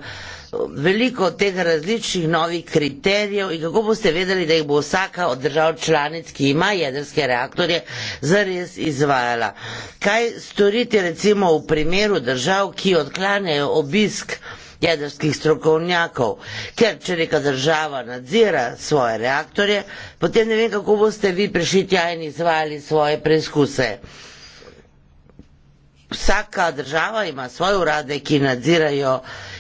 veliko teh različnih novih kriterijev in kako boste vedeli, da jih bo vsaka od držav članic, ki ima jedrske reaktorje, zares izvajala. Kaj storiti recimo v primeru držav, ki odklanjajo obisk jedrskih strokovnjakov, ker če neka država nadzira svoje reaktorje, potem ne vem, kako boste vi prišli tja in izvajali svoje preizkuse. Vsaka država ima svoje urade, ki nadzirajo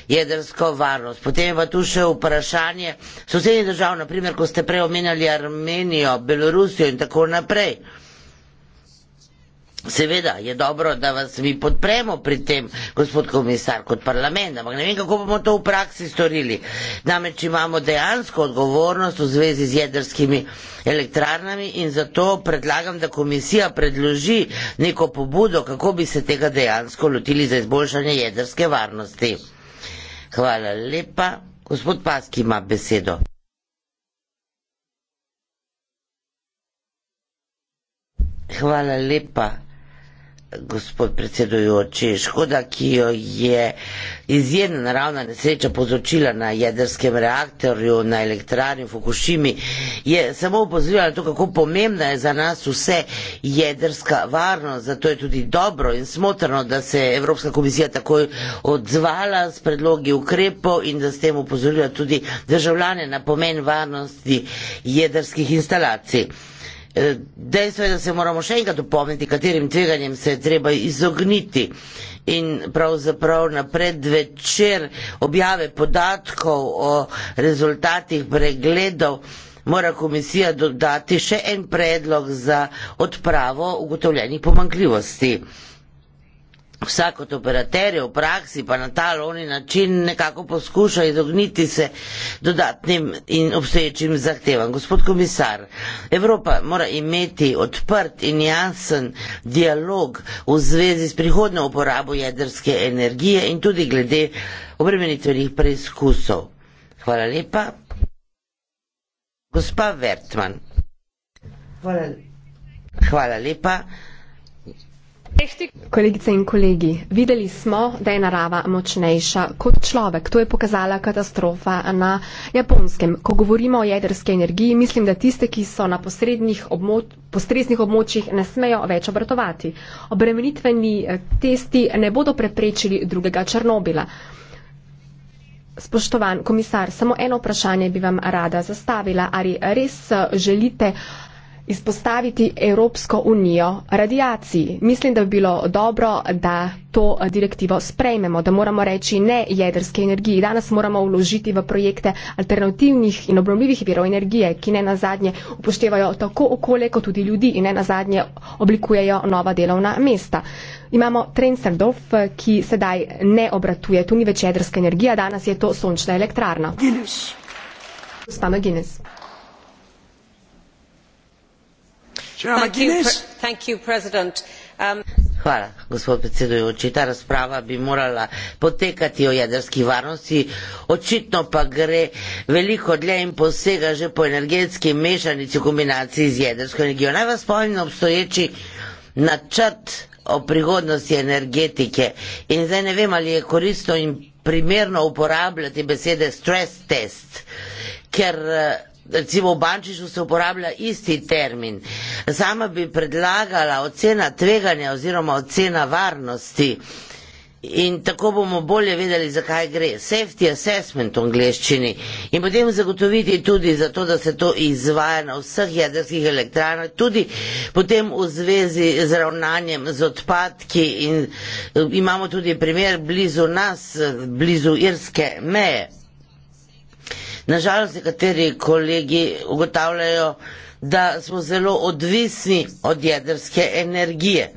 jedrsko varnost. Potem je pa tu še vprašanje sosednjih držav, naprimer, ko ste preomenjali Armenijo, Belorusijo in tako naprej. Seveda je dobro, da vas mi podpremo pri tem, gospod komisar, kot parlament, ampak ne vem, kako bomo to v praksi storili. Namreč imamo dejansko odgovornost v zvezi z jedrskimi elektrarnami in zato predlagam, da komisija predloži neko pobudo, kako bi se tega dejansko lotili za izboljšanje jedrske varnosti. Hvala lepa. Gospod Paski ima besedo. Hvala lepa gospod predsedujoči. Škoda, ki jo je izjemna naravna nesreča povzročila na jedrskem reaktorju, na elektrarju Fukushimi, je samo upozorila na to, kako pomembna je za nas vse jedrska varnost. Zato je tudi dobro in smotrno, da se je Evropska komisija takoj odzvala s predlogi ukrepov in da s tem upozorila tudi državljane na pomen varnosti jedrskih instalacij. Dejstvo je, da se moramo še enkrat upomniti, katerim tveganjem se je treba izogniti. In pravzaprav na predvečer objave podatkov o rezultatih pregledov mora komisija dodati še en predlog za odpravo ugotovljenih pomankljivosti vsak od operaterjev v praksi, pa na ta loni način nekako poskuša izogniti se dodatnim in obstoječim zahtevam. Gospod komisar, Evropa mora imeti odprt in jasen dialog v zvezi s prihodno uporabo jedrske energije in tudi glede obremenitvenih preizkusov. Hvala lepa. Gospa Vertman. Hvala, Hvala lepa. Kolegice in kolegi, videli smo, da je narava močnejša kot človek. To je pokazala katastrofa na Japonskem. Ko govorimo o jedrski energiji, mislim, da tiste, ki so na posrednih območjih, Po stresnih območjih ne smejo več obratovati. Obremenitveni eh, testi ne bodo preprečili drugega Černobila. Spoštovan komisar, samo eno vprašanje bi vam rada zastavila. Ali res eh, želite izpostaviti Evropsko unijo radiaciji. Mislim, da bi bilo dobro, da to direktivo sprejmemo, da moramo reči ne jedrske energiji. Danes moramo vložiti v projekte alternativnih in obnovljivih virov energije, ki ne nazadnje upoštevajo tako okolje kot tudi ljudi in ne nazadnje oblikujejo nova delovna mesta. Imamo Trensendorf, ki sedaj ne obratuje, tu ni več jedrska energija, danes je to sončna elektrarna. Guinness. Spama Guinness. Um, gospod predsedujoči ta razprava bi morala potekati o jedrski varnosti očitno pa gre veliko dlje in posega že po energetski mešanici v kombinaciji z jedrsko energijo naj vas spomnim obstoječi načrt o prihodnosti energetike in zdaj ne vem ali je koristno in primerno uporabljati besede stress test ker Recimo v Bančišu se uporablja isti termin. Sama bi predlagala ocena tveganja oziroma ocena varnosti in tako bomo bolje vedeli, zakaj gre. Safety assessment v angleščini in potem zagotoviti tudi za to, da se to izvaja na vseh jedrskih elektrarnah, tudi potem v zvezi z ravnanjem z odpadki in eh, imamo tudi primer blizu nas, eh, blizu irske meje. Nažalost, nekateri kolegi ugotavljajo, da smo zelo odvisni od jedrske energije.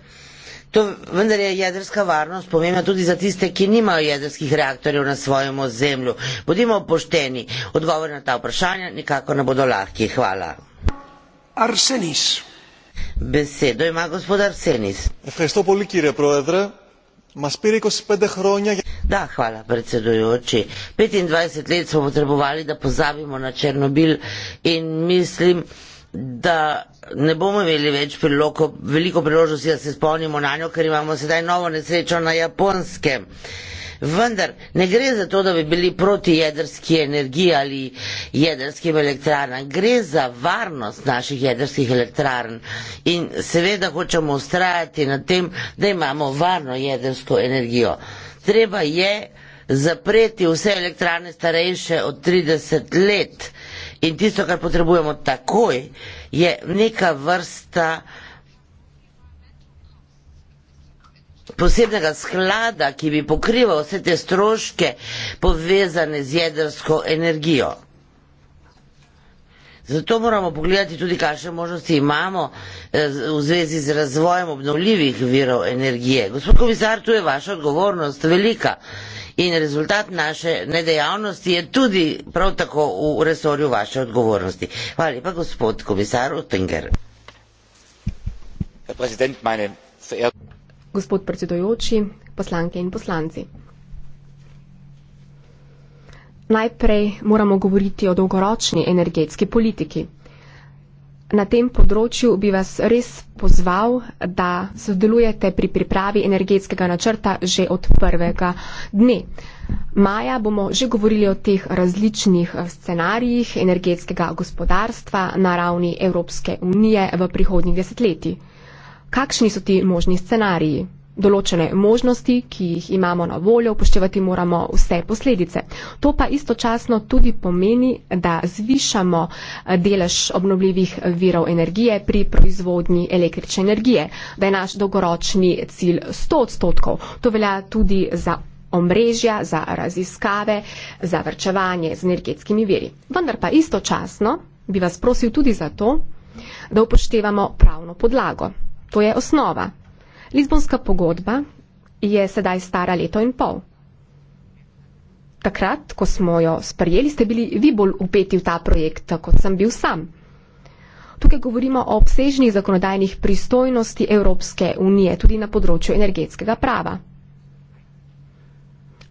To vendar je jedrska varnost pomembna tudi za tiste, ki nimajo jedrskih reaktorjev na svojem ozemlju. Bodimo pošteni, odgovori na ta vprašanja nikako ne bodo lahki. Hvala. Arsenis. Besedo ima gospod Arsenis. Hristo Polikir je provedre. Ma spiri, ko spede hronja. Da, hvala, predsedujoči. 25 let smo potrebovali, da pozabimo na Černobil in mislim, da ne bomo imeli več priloko, veliko priložnosti, da se spomnimo na njo, ker imamo sedaj novo nesrečo na japonskem. Uh, vendar ne gre za to, da bi bili proti jedrski energiji ali jedrskim elektrarnam, gre za varnost naših jedrskih elektrarn in seveda hočemo ustrajati na tem, da imamo varno jedrsko energijo. Treba je zapreti vse elektrane starejše od 30 let in tisto, kar potrebujemo takoj, je neka vrsta posebnega sklada, ki bi pokrival vse te stroške povezane z jedrsko energijo. Zato moramo pogledati tudi, kakšne možnosti imamo eh, v zvezi z razvojem obnovljivih virov energije. Gospod komisar, tu je vaša odgovornost velika in rezultat naše nedejavnosti je tudi prav tako v resorju vaše odgovornosti. Hvala lepa, gospod komisar Utenger. Herr Präsident, meine verehrten. Gospod predsedojoči, poslanke in poslanci. Najprej moramo govoriti o dolgoročni energetski politiki. Na tem področju bi vas res pozval, da sodelujete pri pripravi energetskega načrta že od prvega dne. Maja bomo že govorili o teh različnih scenarijih energetskega gospodarstva na ravni Evropske unije v prihodnjih desetletjih kakšni so ti možni scenariji. Določene možnosti, ki jih imamo na voljo, upoštevati moramo vse posledice. To pa istočasno tudi pomeni, da zvišamo eh, delež obnovljivih virov energije pri proizvodnji električne energije, da je naš dolgoročni cilj 100 odstotkov. To velja tudi za omrežja, za raziskave, za vrčevanje z energetskimi viri. Vendar pa istočasno bi vas prosil tudi za to, da upoštevamo pravno podlago. To je osnova. Lizbonska pogodba je sedaj stara leto in pol. Takrat, ko smo jo sprejeli, ste bili vi bolj upeti v ta projekt, kot sem bil sam. Tukaj govorimo o obsežnih zakonodajnih pristojnosti Evropske unije, tudi na področju energetskega prava.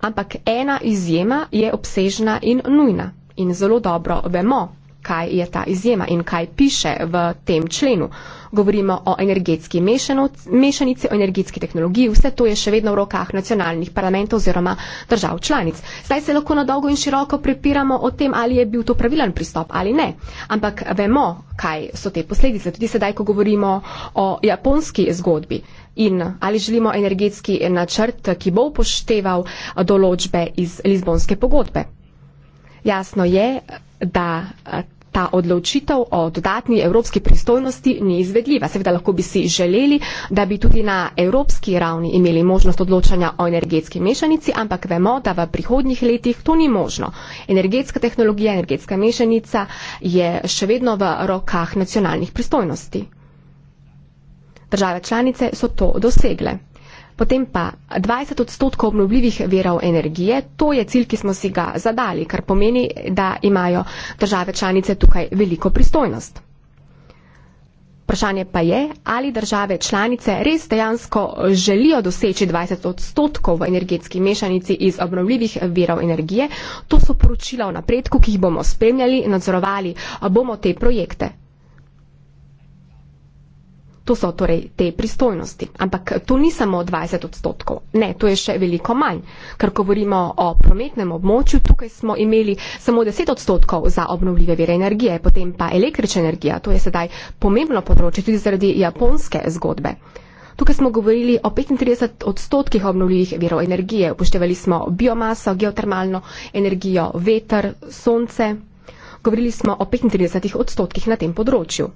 Ampak ena izjema je obsežna in nujna. In zelo dobro vemo, kaj je ta izjema in kaj piše v tem členu. Govorimo o energetski mešanici, o energetski tehnologiji, vse to je še vedno v rokah nacionalnih parlamentov oziroma držav članic. Zdaj se lahko na dolgo in široko prepiramo o tem, ali je bil to pravilen pristop ali ne. Ampak vemo, kaj so te posledice. Tudi sedaj, ko govorimo o japonski zgodbi. In ali želimo energetski načrt, ki bo upošteval določbe iz Lizbonske pogodbe? Jasno je, da ta odločitev o dodatni evropski pristojnosti ni izvedljiva. Seveda lahko bi si želeli, da bi tudi na evropski ravni imeli možnost odločanja o energetski mešanici, ampak vemo, da v prihodnjih letih to ni možno. Energetska tehnologija, energetska mešanica je še vedno v rokah nacionalnih pristojnosti. Države članice so to dosegle. Potem pa 20 odstotkov obnovljivih verov energije, to je cilj, ki smo si ga zadali, kar pomeni, da imajo države članice tukaj veliko pristojnost. Vprašanje pa je, ali države članice res dejansko želijo doseči 20 odstotkov v energetski mešanici iz obnovljivih verov energije. To so poročila o napredku, ki jih bomo spremljali, nadzorovali, bomo te projekte. To so torej te pristojnosti. Ampak to ni samo 20 odstotkov. Ne, to je še veliko manj. Ker govorimo o prometnem območju, tukaj smo imeli samo 10 odstotkov za obnovljive vire energije, potem pa električna energija. To je sedaj pomembno področje tudi zaradi japonske zgodbe. Tukaj smo govorili o 35 odstotkih obnovljivih virov energije. Upoštevali smo biomaso, geotermalno energijo, veter, sonce. Govorili smo o 35 odstotkih na tem področju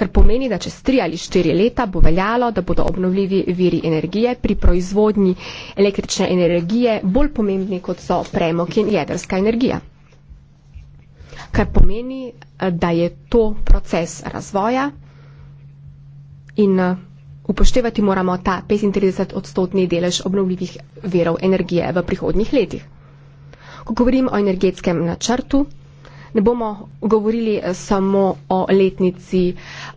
kar pomeni, da čez tri ali štiri leta bo veljalo, da bodo obnovljivi viri energije pri proizvodnji električne energije bolj pomembni, kot so premok in jedrska energija. Kar pomeni, da je to proces razvoja in upoštevati moramo ta 35 odstotni delež obnovljivih verov energije v prihodnjih letih. Ko govorim o energetskem načrtu, ne bomo govorili eh, samo o letnici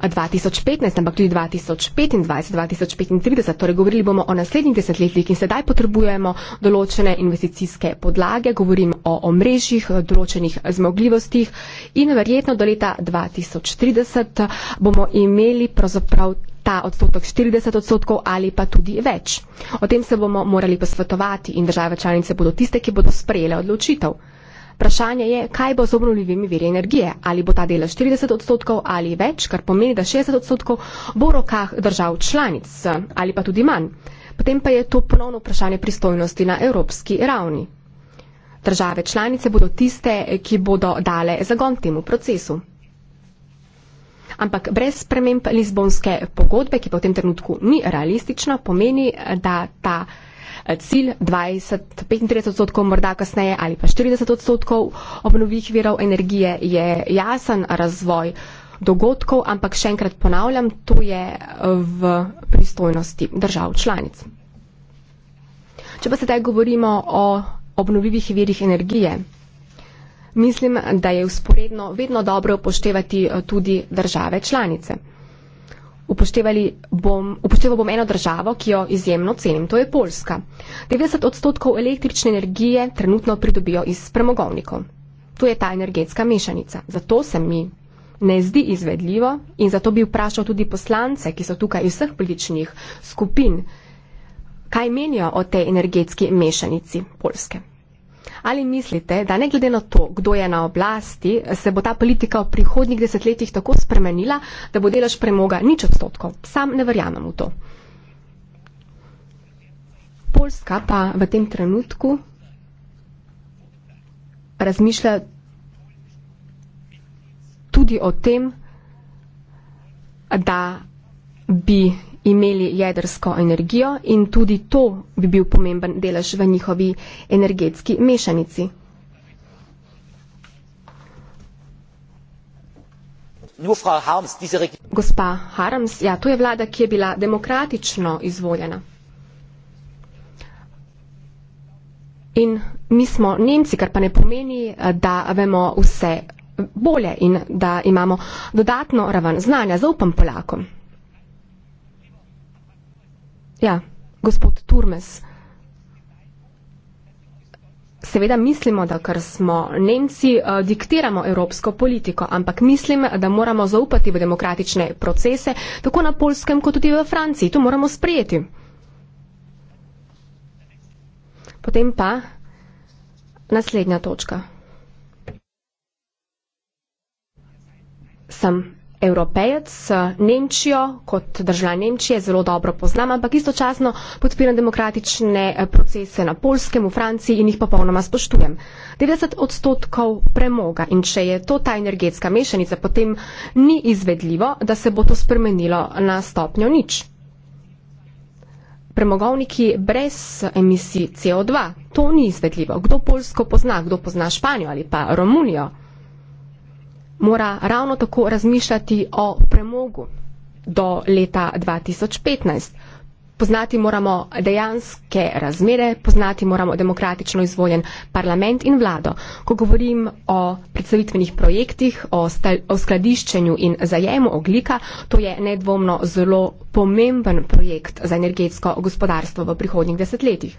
2015, eh, ampak tudi 2025, 2035. Torej, govorili bomo o naslednjih desetletjih in sedaj potrebujemo določene investicijske podlage, govorim o omrežjih, eh, določenih zmogljivostih in verjetno do leta 2030 bomo imeli pravzaprav ta odstotek 40 odstotkov ali pa tudi več. O tem se bomo morali posvetovati in države članice bodo tiste, ki bodo sprejele odločitev. Vprašanje je, kaj bo z obnovljivimi viri energije. Ali bo ta delež 40 odstotkov ali več, kar pomeni, da 60 odstotkov bo v rokah držav članic ali pa tudi manj. Potem pa je to ponovno vprašanje pristojnosti na evropski ravni. Države članice bodo tiste, ki bodo dale zagon temu procesu. Ampak brez sprememb Lizbonske pogodbe, ki pa v tem trenutku ni realistična, pomeni, da ta cilj 20, 35 odstotkov morda kasneje ali pa 40 odstotkov obnovih virov energije je jasen razvoj dogodkov, ampak še enkrat ponavljam, to je v pristojnosti držav članic. Če pa sedaj govorimo o obnovljivih virih energije, mislim, da je usporedno vedno dobro upoštevati eh, tudi države članice. Bom, upošteval bom eno državo, ki jo izjemno cenim, to je Poljska. 90 odstotkov električne energije trenutno pridobijo iz premogovnikov. To je ta energetska mešanica. Zato se mi ne zdi izvedljivo in zato bi vprašal tudi poslance, ki so tukaj iz vseh političnih skupin, kaj menijo o tej energetski mešanici Poljske. Ali mislite, da ne glede na to, kdo je na oblasti, se bo ta politika v prihodnjih desetletjih tako spremenila, da bo delež premoga nič odstotkov? Sam ne verjamem v to. Poljska pa v tem trenutku razmišlja tudi o tem, da bi imeli jedrsko energijo in tudi to bi bil pomemben delež v njihovi energetski mešanici. Gospa Harams, ja, to je vlada, ki je bila demokratično izvoljena. In mi smo Nemci, kar pa ne pomeni, da vemo vse bolje in da imamo dodatno raven znanja. Zaupam Polakom, Ja, gospod Turmes. Seveda mislimo, da kar smo Nemci, eh, diktiramo evropsko politiko, ampak mislim, da moramo zaupati v demokratične procese, tako na Polskem kot tudi v Franciji. To moramo sprijeti. Potem pa naslednja točka. Sem evropejec, eh, Nemčijo kot državljan Nemčije zelo dobro poznam, ampak istočasno podpiram demokratične eh, procese na Polskem, v Franciji in jih popolnoma spoštujem. 90 odstotkov premoga in če je to ta energetska mešanica, potem ni izvedljivo, da se bo to spremenilo na stopnjo nič. Premogovniki brez emisij CO2, to ni izvedljivo. Kdo Polsko pozna, kdo pozna Španijo ali pa Romunijo? mora ravno tako razmišljati o premogu do leta 2015. Poznati moramo dejanske razmere, poznati moramo demokratično izvoljen parlament in vlado. Ko govorim o predstavitvenih projektih, o, stel, o skladiščenju in zajemu oglika, to je nedvomno zelo pomemben projekt za energetsko gospodarstvo v prihodnjih desetletjih.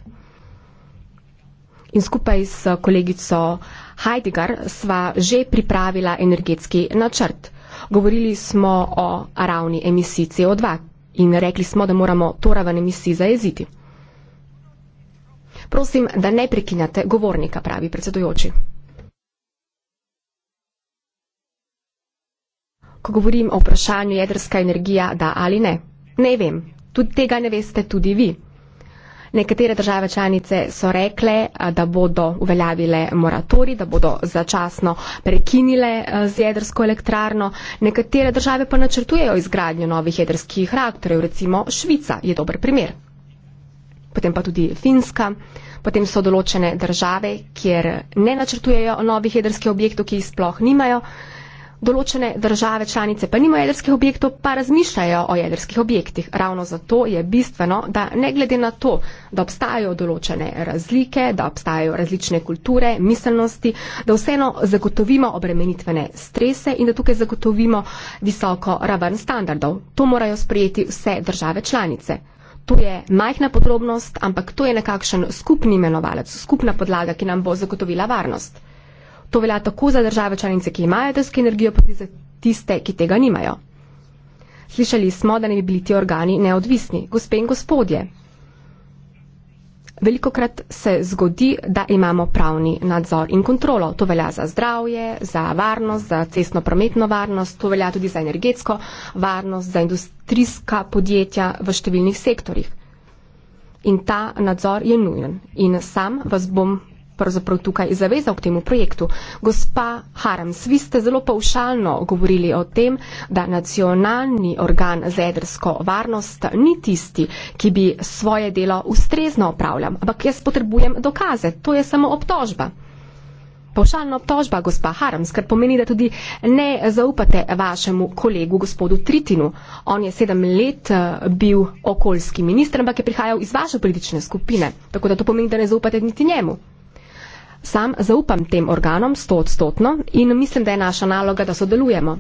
In skupaj s kolegico Heidegger sva že pripravila energetski načrt. Govorili smo o ravni emisij CO2 in rekli smo, da moramo to raven emisij zajeziti. Prosim, da ne prekinjate govornika, pravi predsedujoči. Ko govorim o vprašanju jedrska energija, da ali ne, ne vem. Tudi tega ne veste tudi vi. Nekatere države članice so rekle, da bodo uveljavile moratori, da bodo začasno prekinile z jedrsko elektrarno. Nekatere države pa načrtujejo izgradnjo novih jedrskih reaktorjev, recimo Švica je dober primer. Potem pa tudi Finska. Potem so določene države, kjer ne načrtujejo novih jedrskih objektov, ki jih sploh nimajo določene države članice pa nima jedrskih objektov, pa razmišljajo o jedrskih objektih. Ravno zato je bistveno, da ne glede na to, da obstajajo določene razlike, da obstajajo različne kulture, miselnosti, da vseeno zagotovimo obremenitvene strese in da tukaj zagotovimo visoko raven standardov. To morajo sprejeti vse države članice. To je majhna podrobnost, ampak to je nekakšen skupni imenovalec, skupna podlaga, ki nam bo zagotovila varnost. To velja tako za države članice, ki imajo jedrsko energijo, proti za tiste, ki tega nimajo. Slišali smo, da ne bi bili ti organi neodvisni. Gospe in gospodje, velikokrat se zgodi, da imamo pravni nadzor in kontrolo. To velja za zdravje, za varnost, za cestno prometno varnost, to velja tudi za energetsko varnost, za industrijska podjetja v številnih sektorjih. In ta nadzor je nujen. In sam vas bom pravzaprav tukaj zavezal k temu projektu. Gospa Harams, vi ste zelo paušalno govorili o tem, da nacionalni organ za jedrsko varnost ni tisti, ki bi svoje delo ustrezno opravljal, ampak jaz potrebujem dokaze, to je samo obtožba. Pošaljna obtožba, gospa Harams, kar pomeni, da tudi ne zaupate vašemu kolegu, gospodu Tritinu. On je sedem let eh, bil okoljski minister, ampak je prihajal iz vaše politične skupine. Tako da to pomeni, da ne zaupate niti njemu. Sam zaupam tem organom stotstotno in mislim, da je naša naloga, da sodelujemo.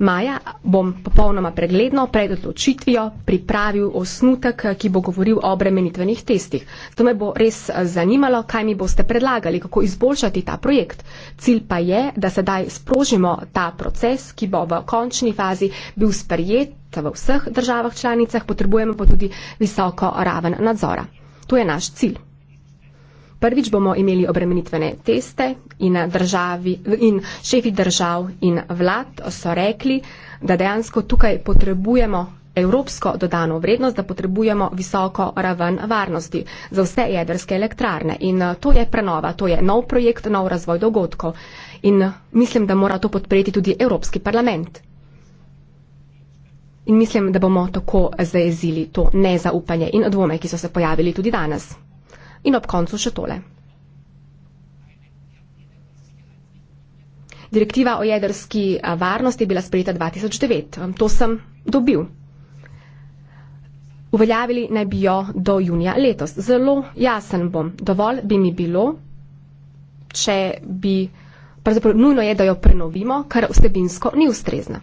Maja bom popolnoma pregledno pred odločitvijo pripravil osnutek, ki bo govoril o obremenitvenih testih. To me bo res eh, zanimalo, kaj mi boste predlagali, kako izboljšati ta projekt. Cilj pa je, da sedaj sprožimo ta proces, ki bo v končni fazi bil sprejet v vseh državah članicah, potrebujemo pa tudi visoko raven nadzora. To je naš cilj prvič bomo imeli obremenitvene teste in, državi, in šefi držav in vlad so rekli, da dejansko tukaj potrebujemo evropsko dodano vrednost, da potrebujemo visoko raven varnosti za vse jedrske elektrarne. In eh, to je prenova, to je nov projekt, nov razvoj dogodkov. In mislim, da mora to podpreti tudi Evropski parlament. In mislim, da bomo tako zajezili to nezaupanje in dvome, ki so se pojavili tudi danes. In ob koncu še tole. Direktiva o jedrski varnosti je bila sprejeta 2009. To sem dobil. Uveljavili naj bi jo do junija letos. Zelo jasen bom. Dovolj bi mi bilo, če bi. Pravzaprav nujno je, da jo prenovimo, ker vsebinsko ni ustrezna.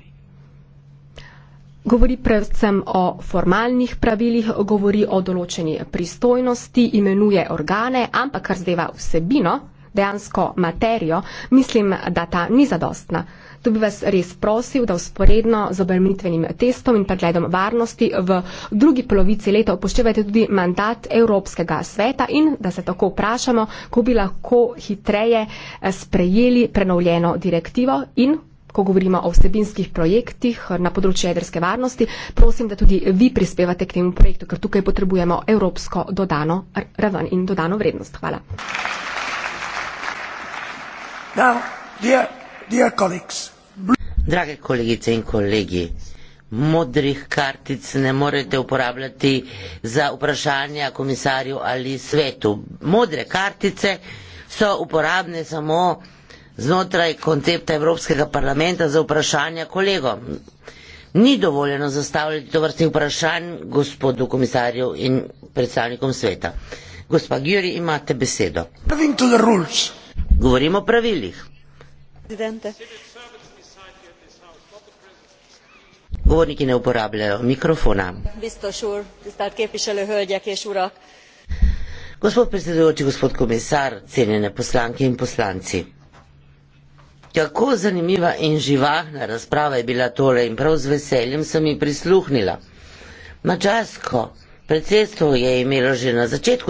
Govori predvsem o formalnih pravilih, govori o določeni pristojnosti, imenuje organe, ampak kar zdeva vsebino, dejansko materijo, mislim, da ta ni zadostna. To bi vas res prosil, da usporedno z obremenitvenim testom in pregledom varnosti v drugi polovici leta upoštevate tudi mandat Evropskega sveta in da se tako vprašamo, ko bi lahko hitreje eh, sprejeli prenovljeno direktivo in ko govorimo o vsebinskih projektih eh, na področju jedrske varnosti, prosim, da tudi vi prispevate k temu projektu, ker tukaj potrebujemo evropsko dodano raven in dodano vrednost. Hvala. Now, dear, dear colleagues. Drage kolegice in kolegi, modrih kartic ne morete uporabljati za vprašanja komisarju ali svetu. Modre kartice so uporabne samo znotraj koncepta Evropskega parlamenta za vprašanja kolegom. Ni dovoljeno zastavljati tovrstnih vprašanj gospodu komisarju in predstavnikom sveta. Gospa Giri, imate besedo. Govorimo o pravilih. Presidente. Govorniki ne uporabljajo mikrofona. Gospod predsedujoči, gospod komisar, cenjene poslanke in poslanci. Kako zanimiva in živahna razprava je bila tole in prav z veseljem sem ji prisluhnila. Mačarsko predsedstvo je imelo že na začetku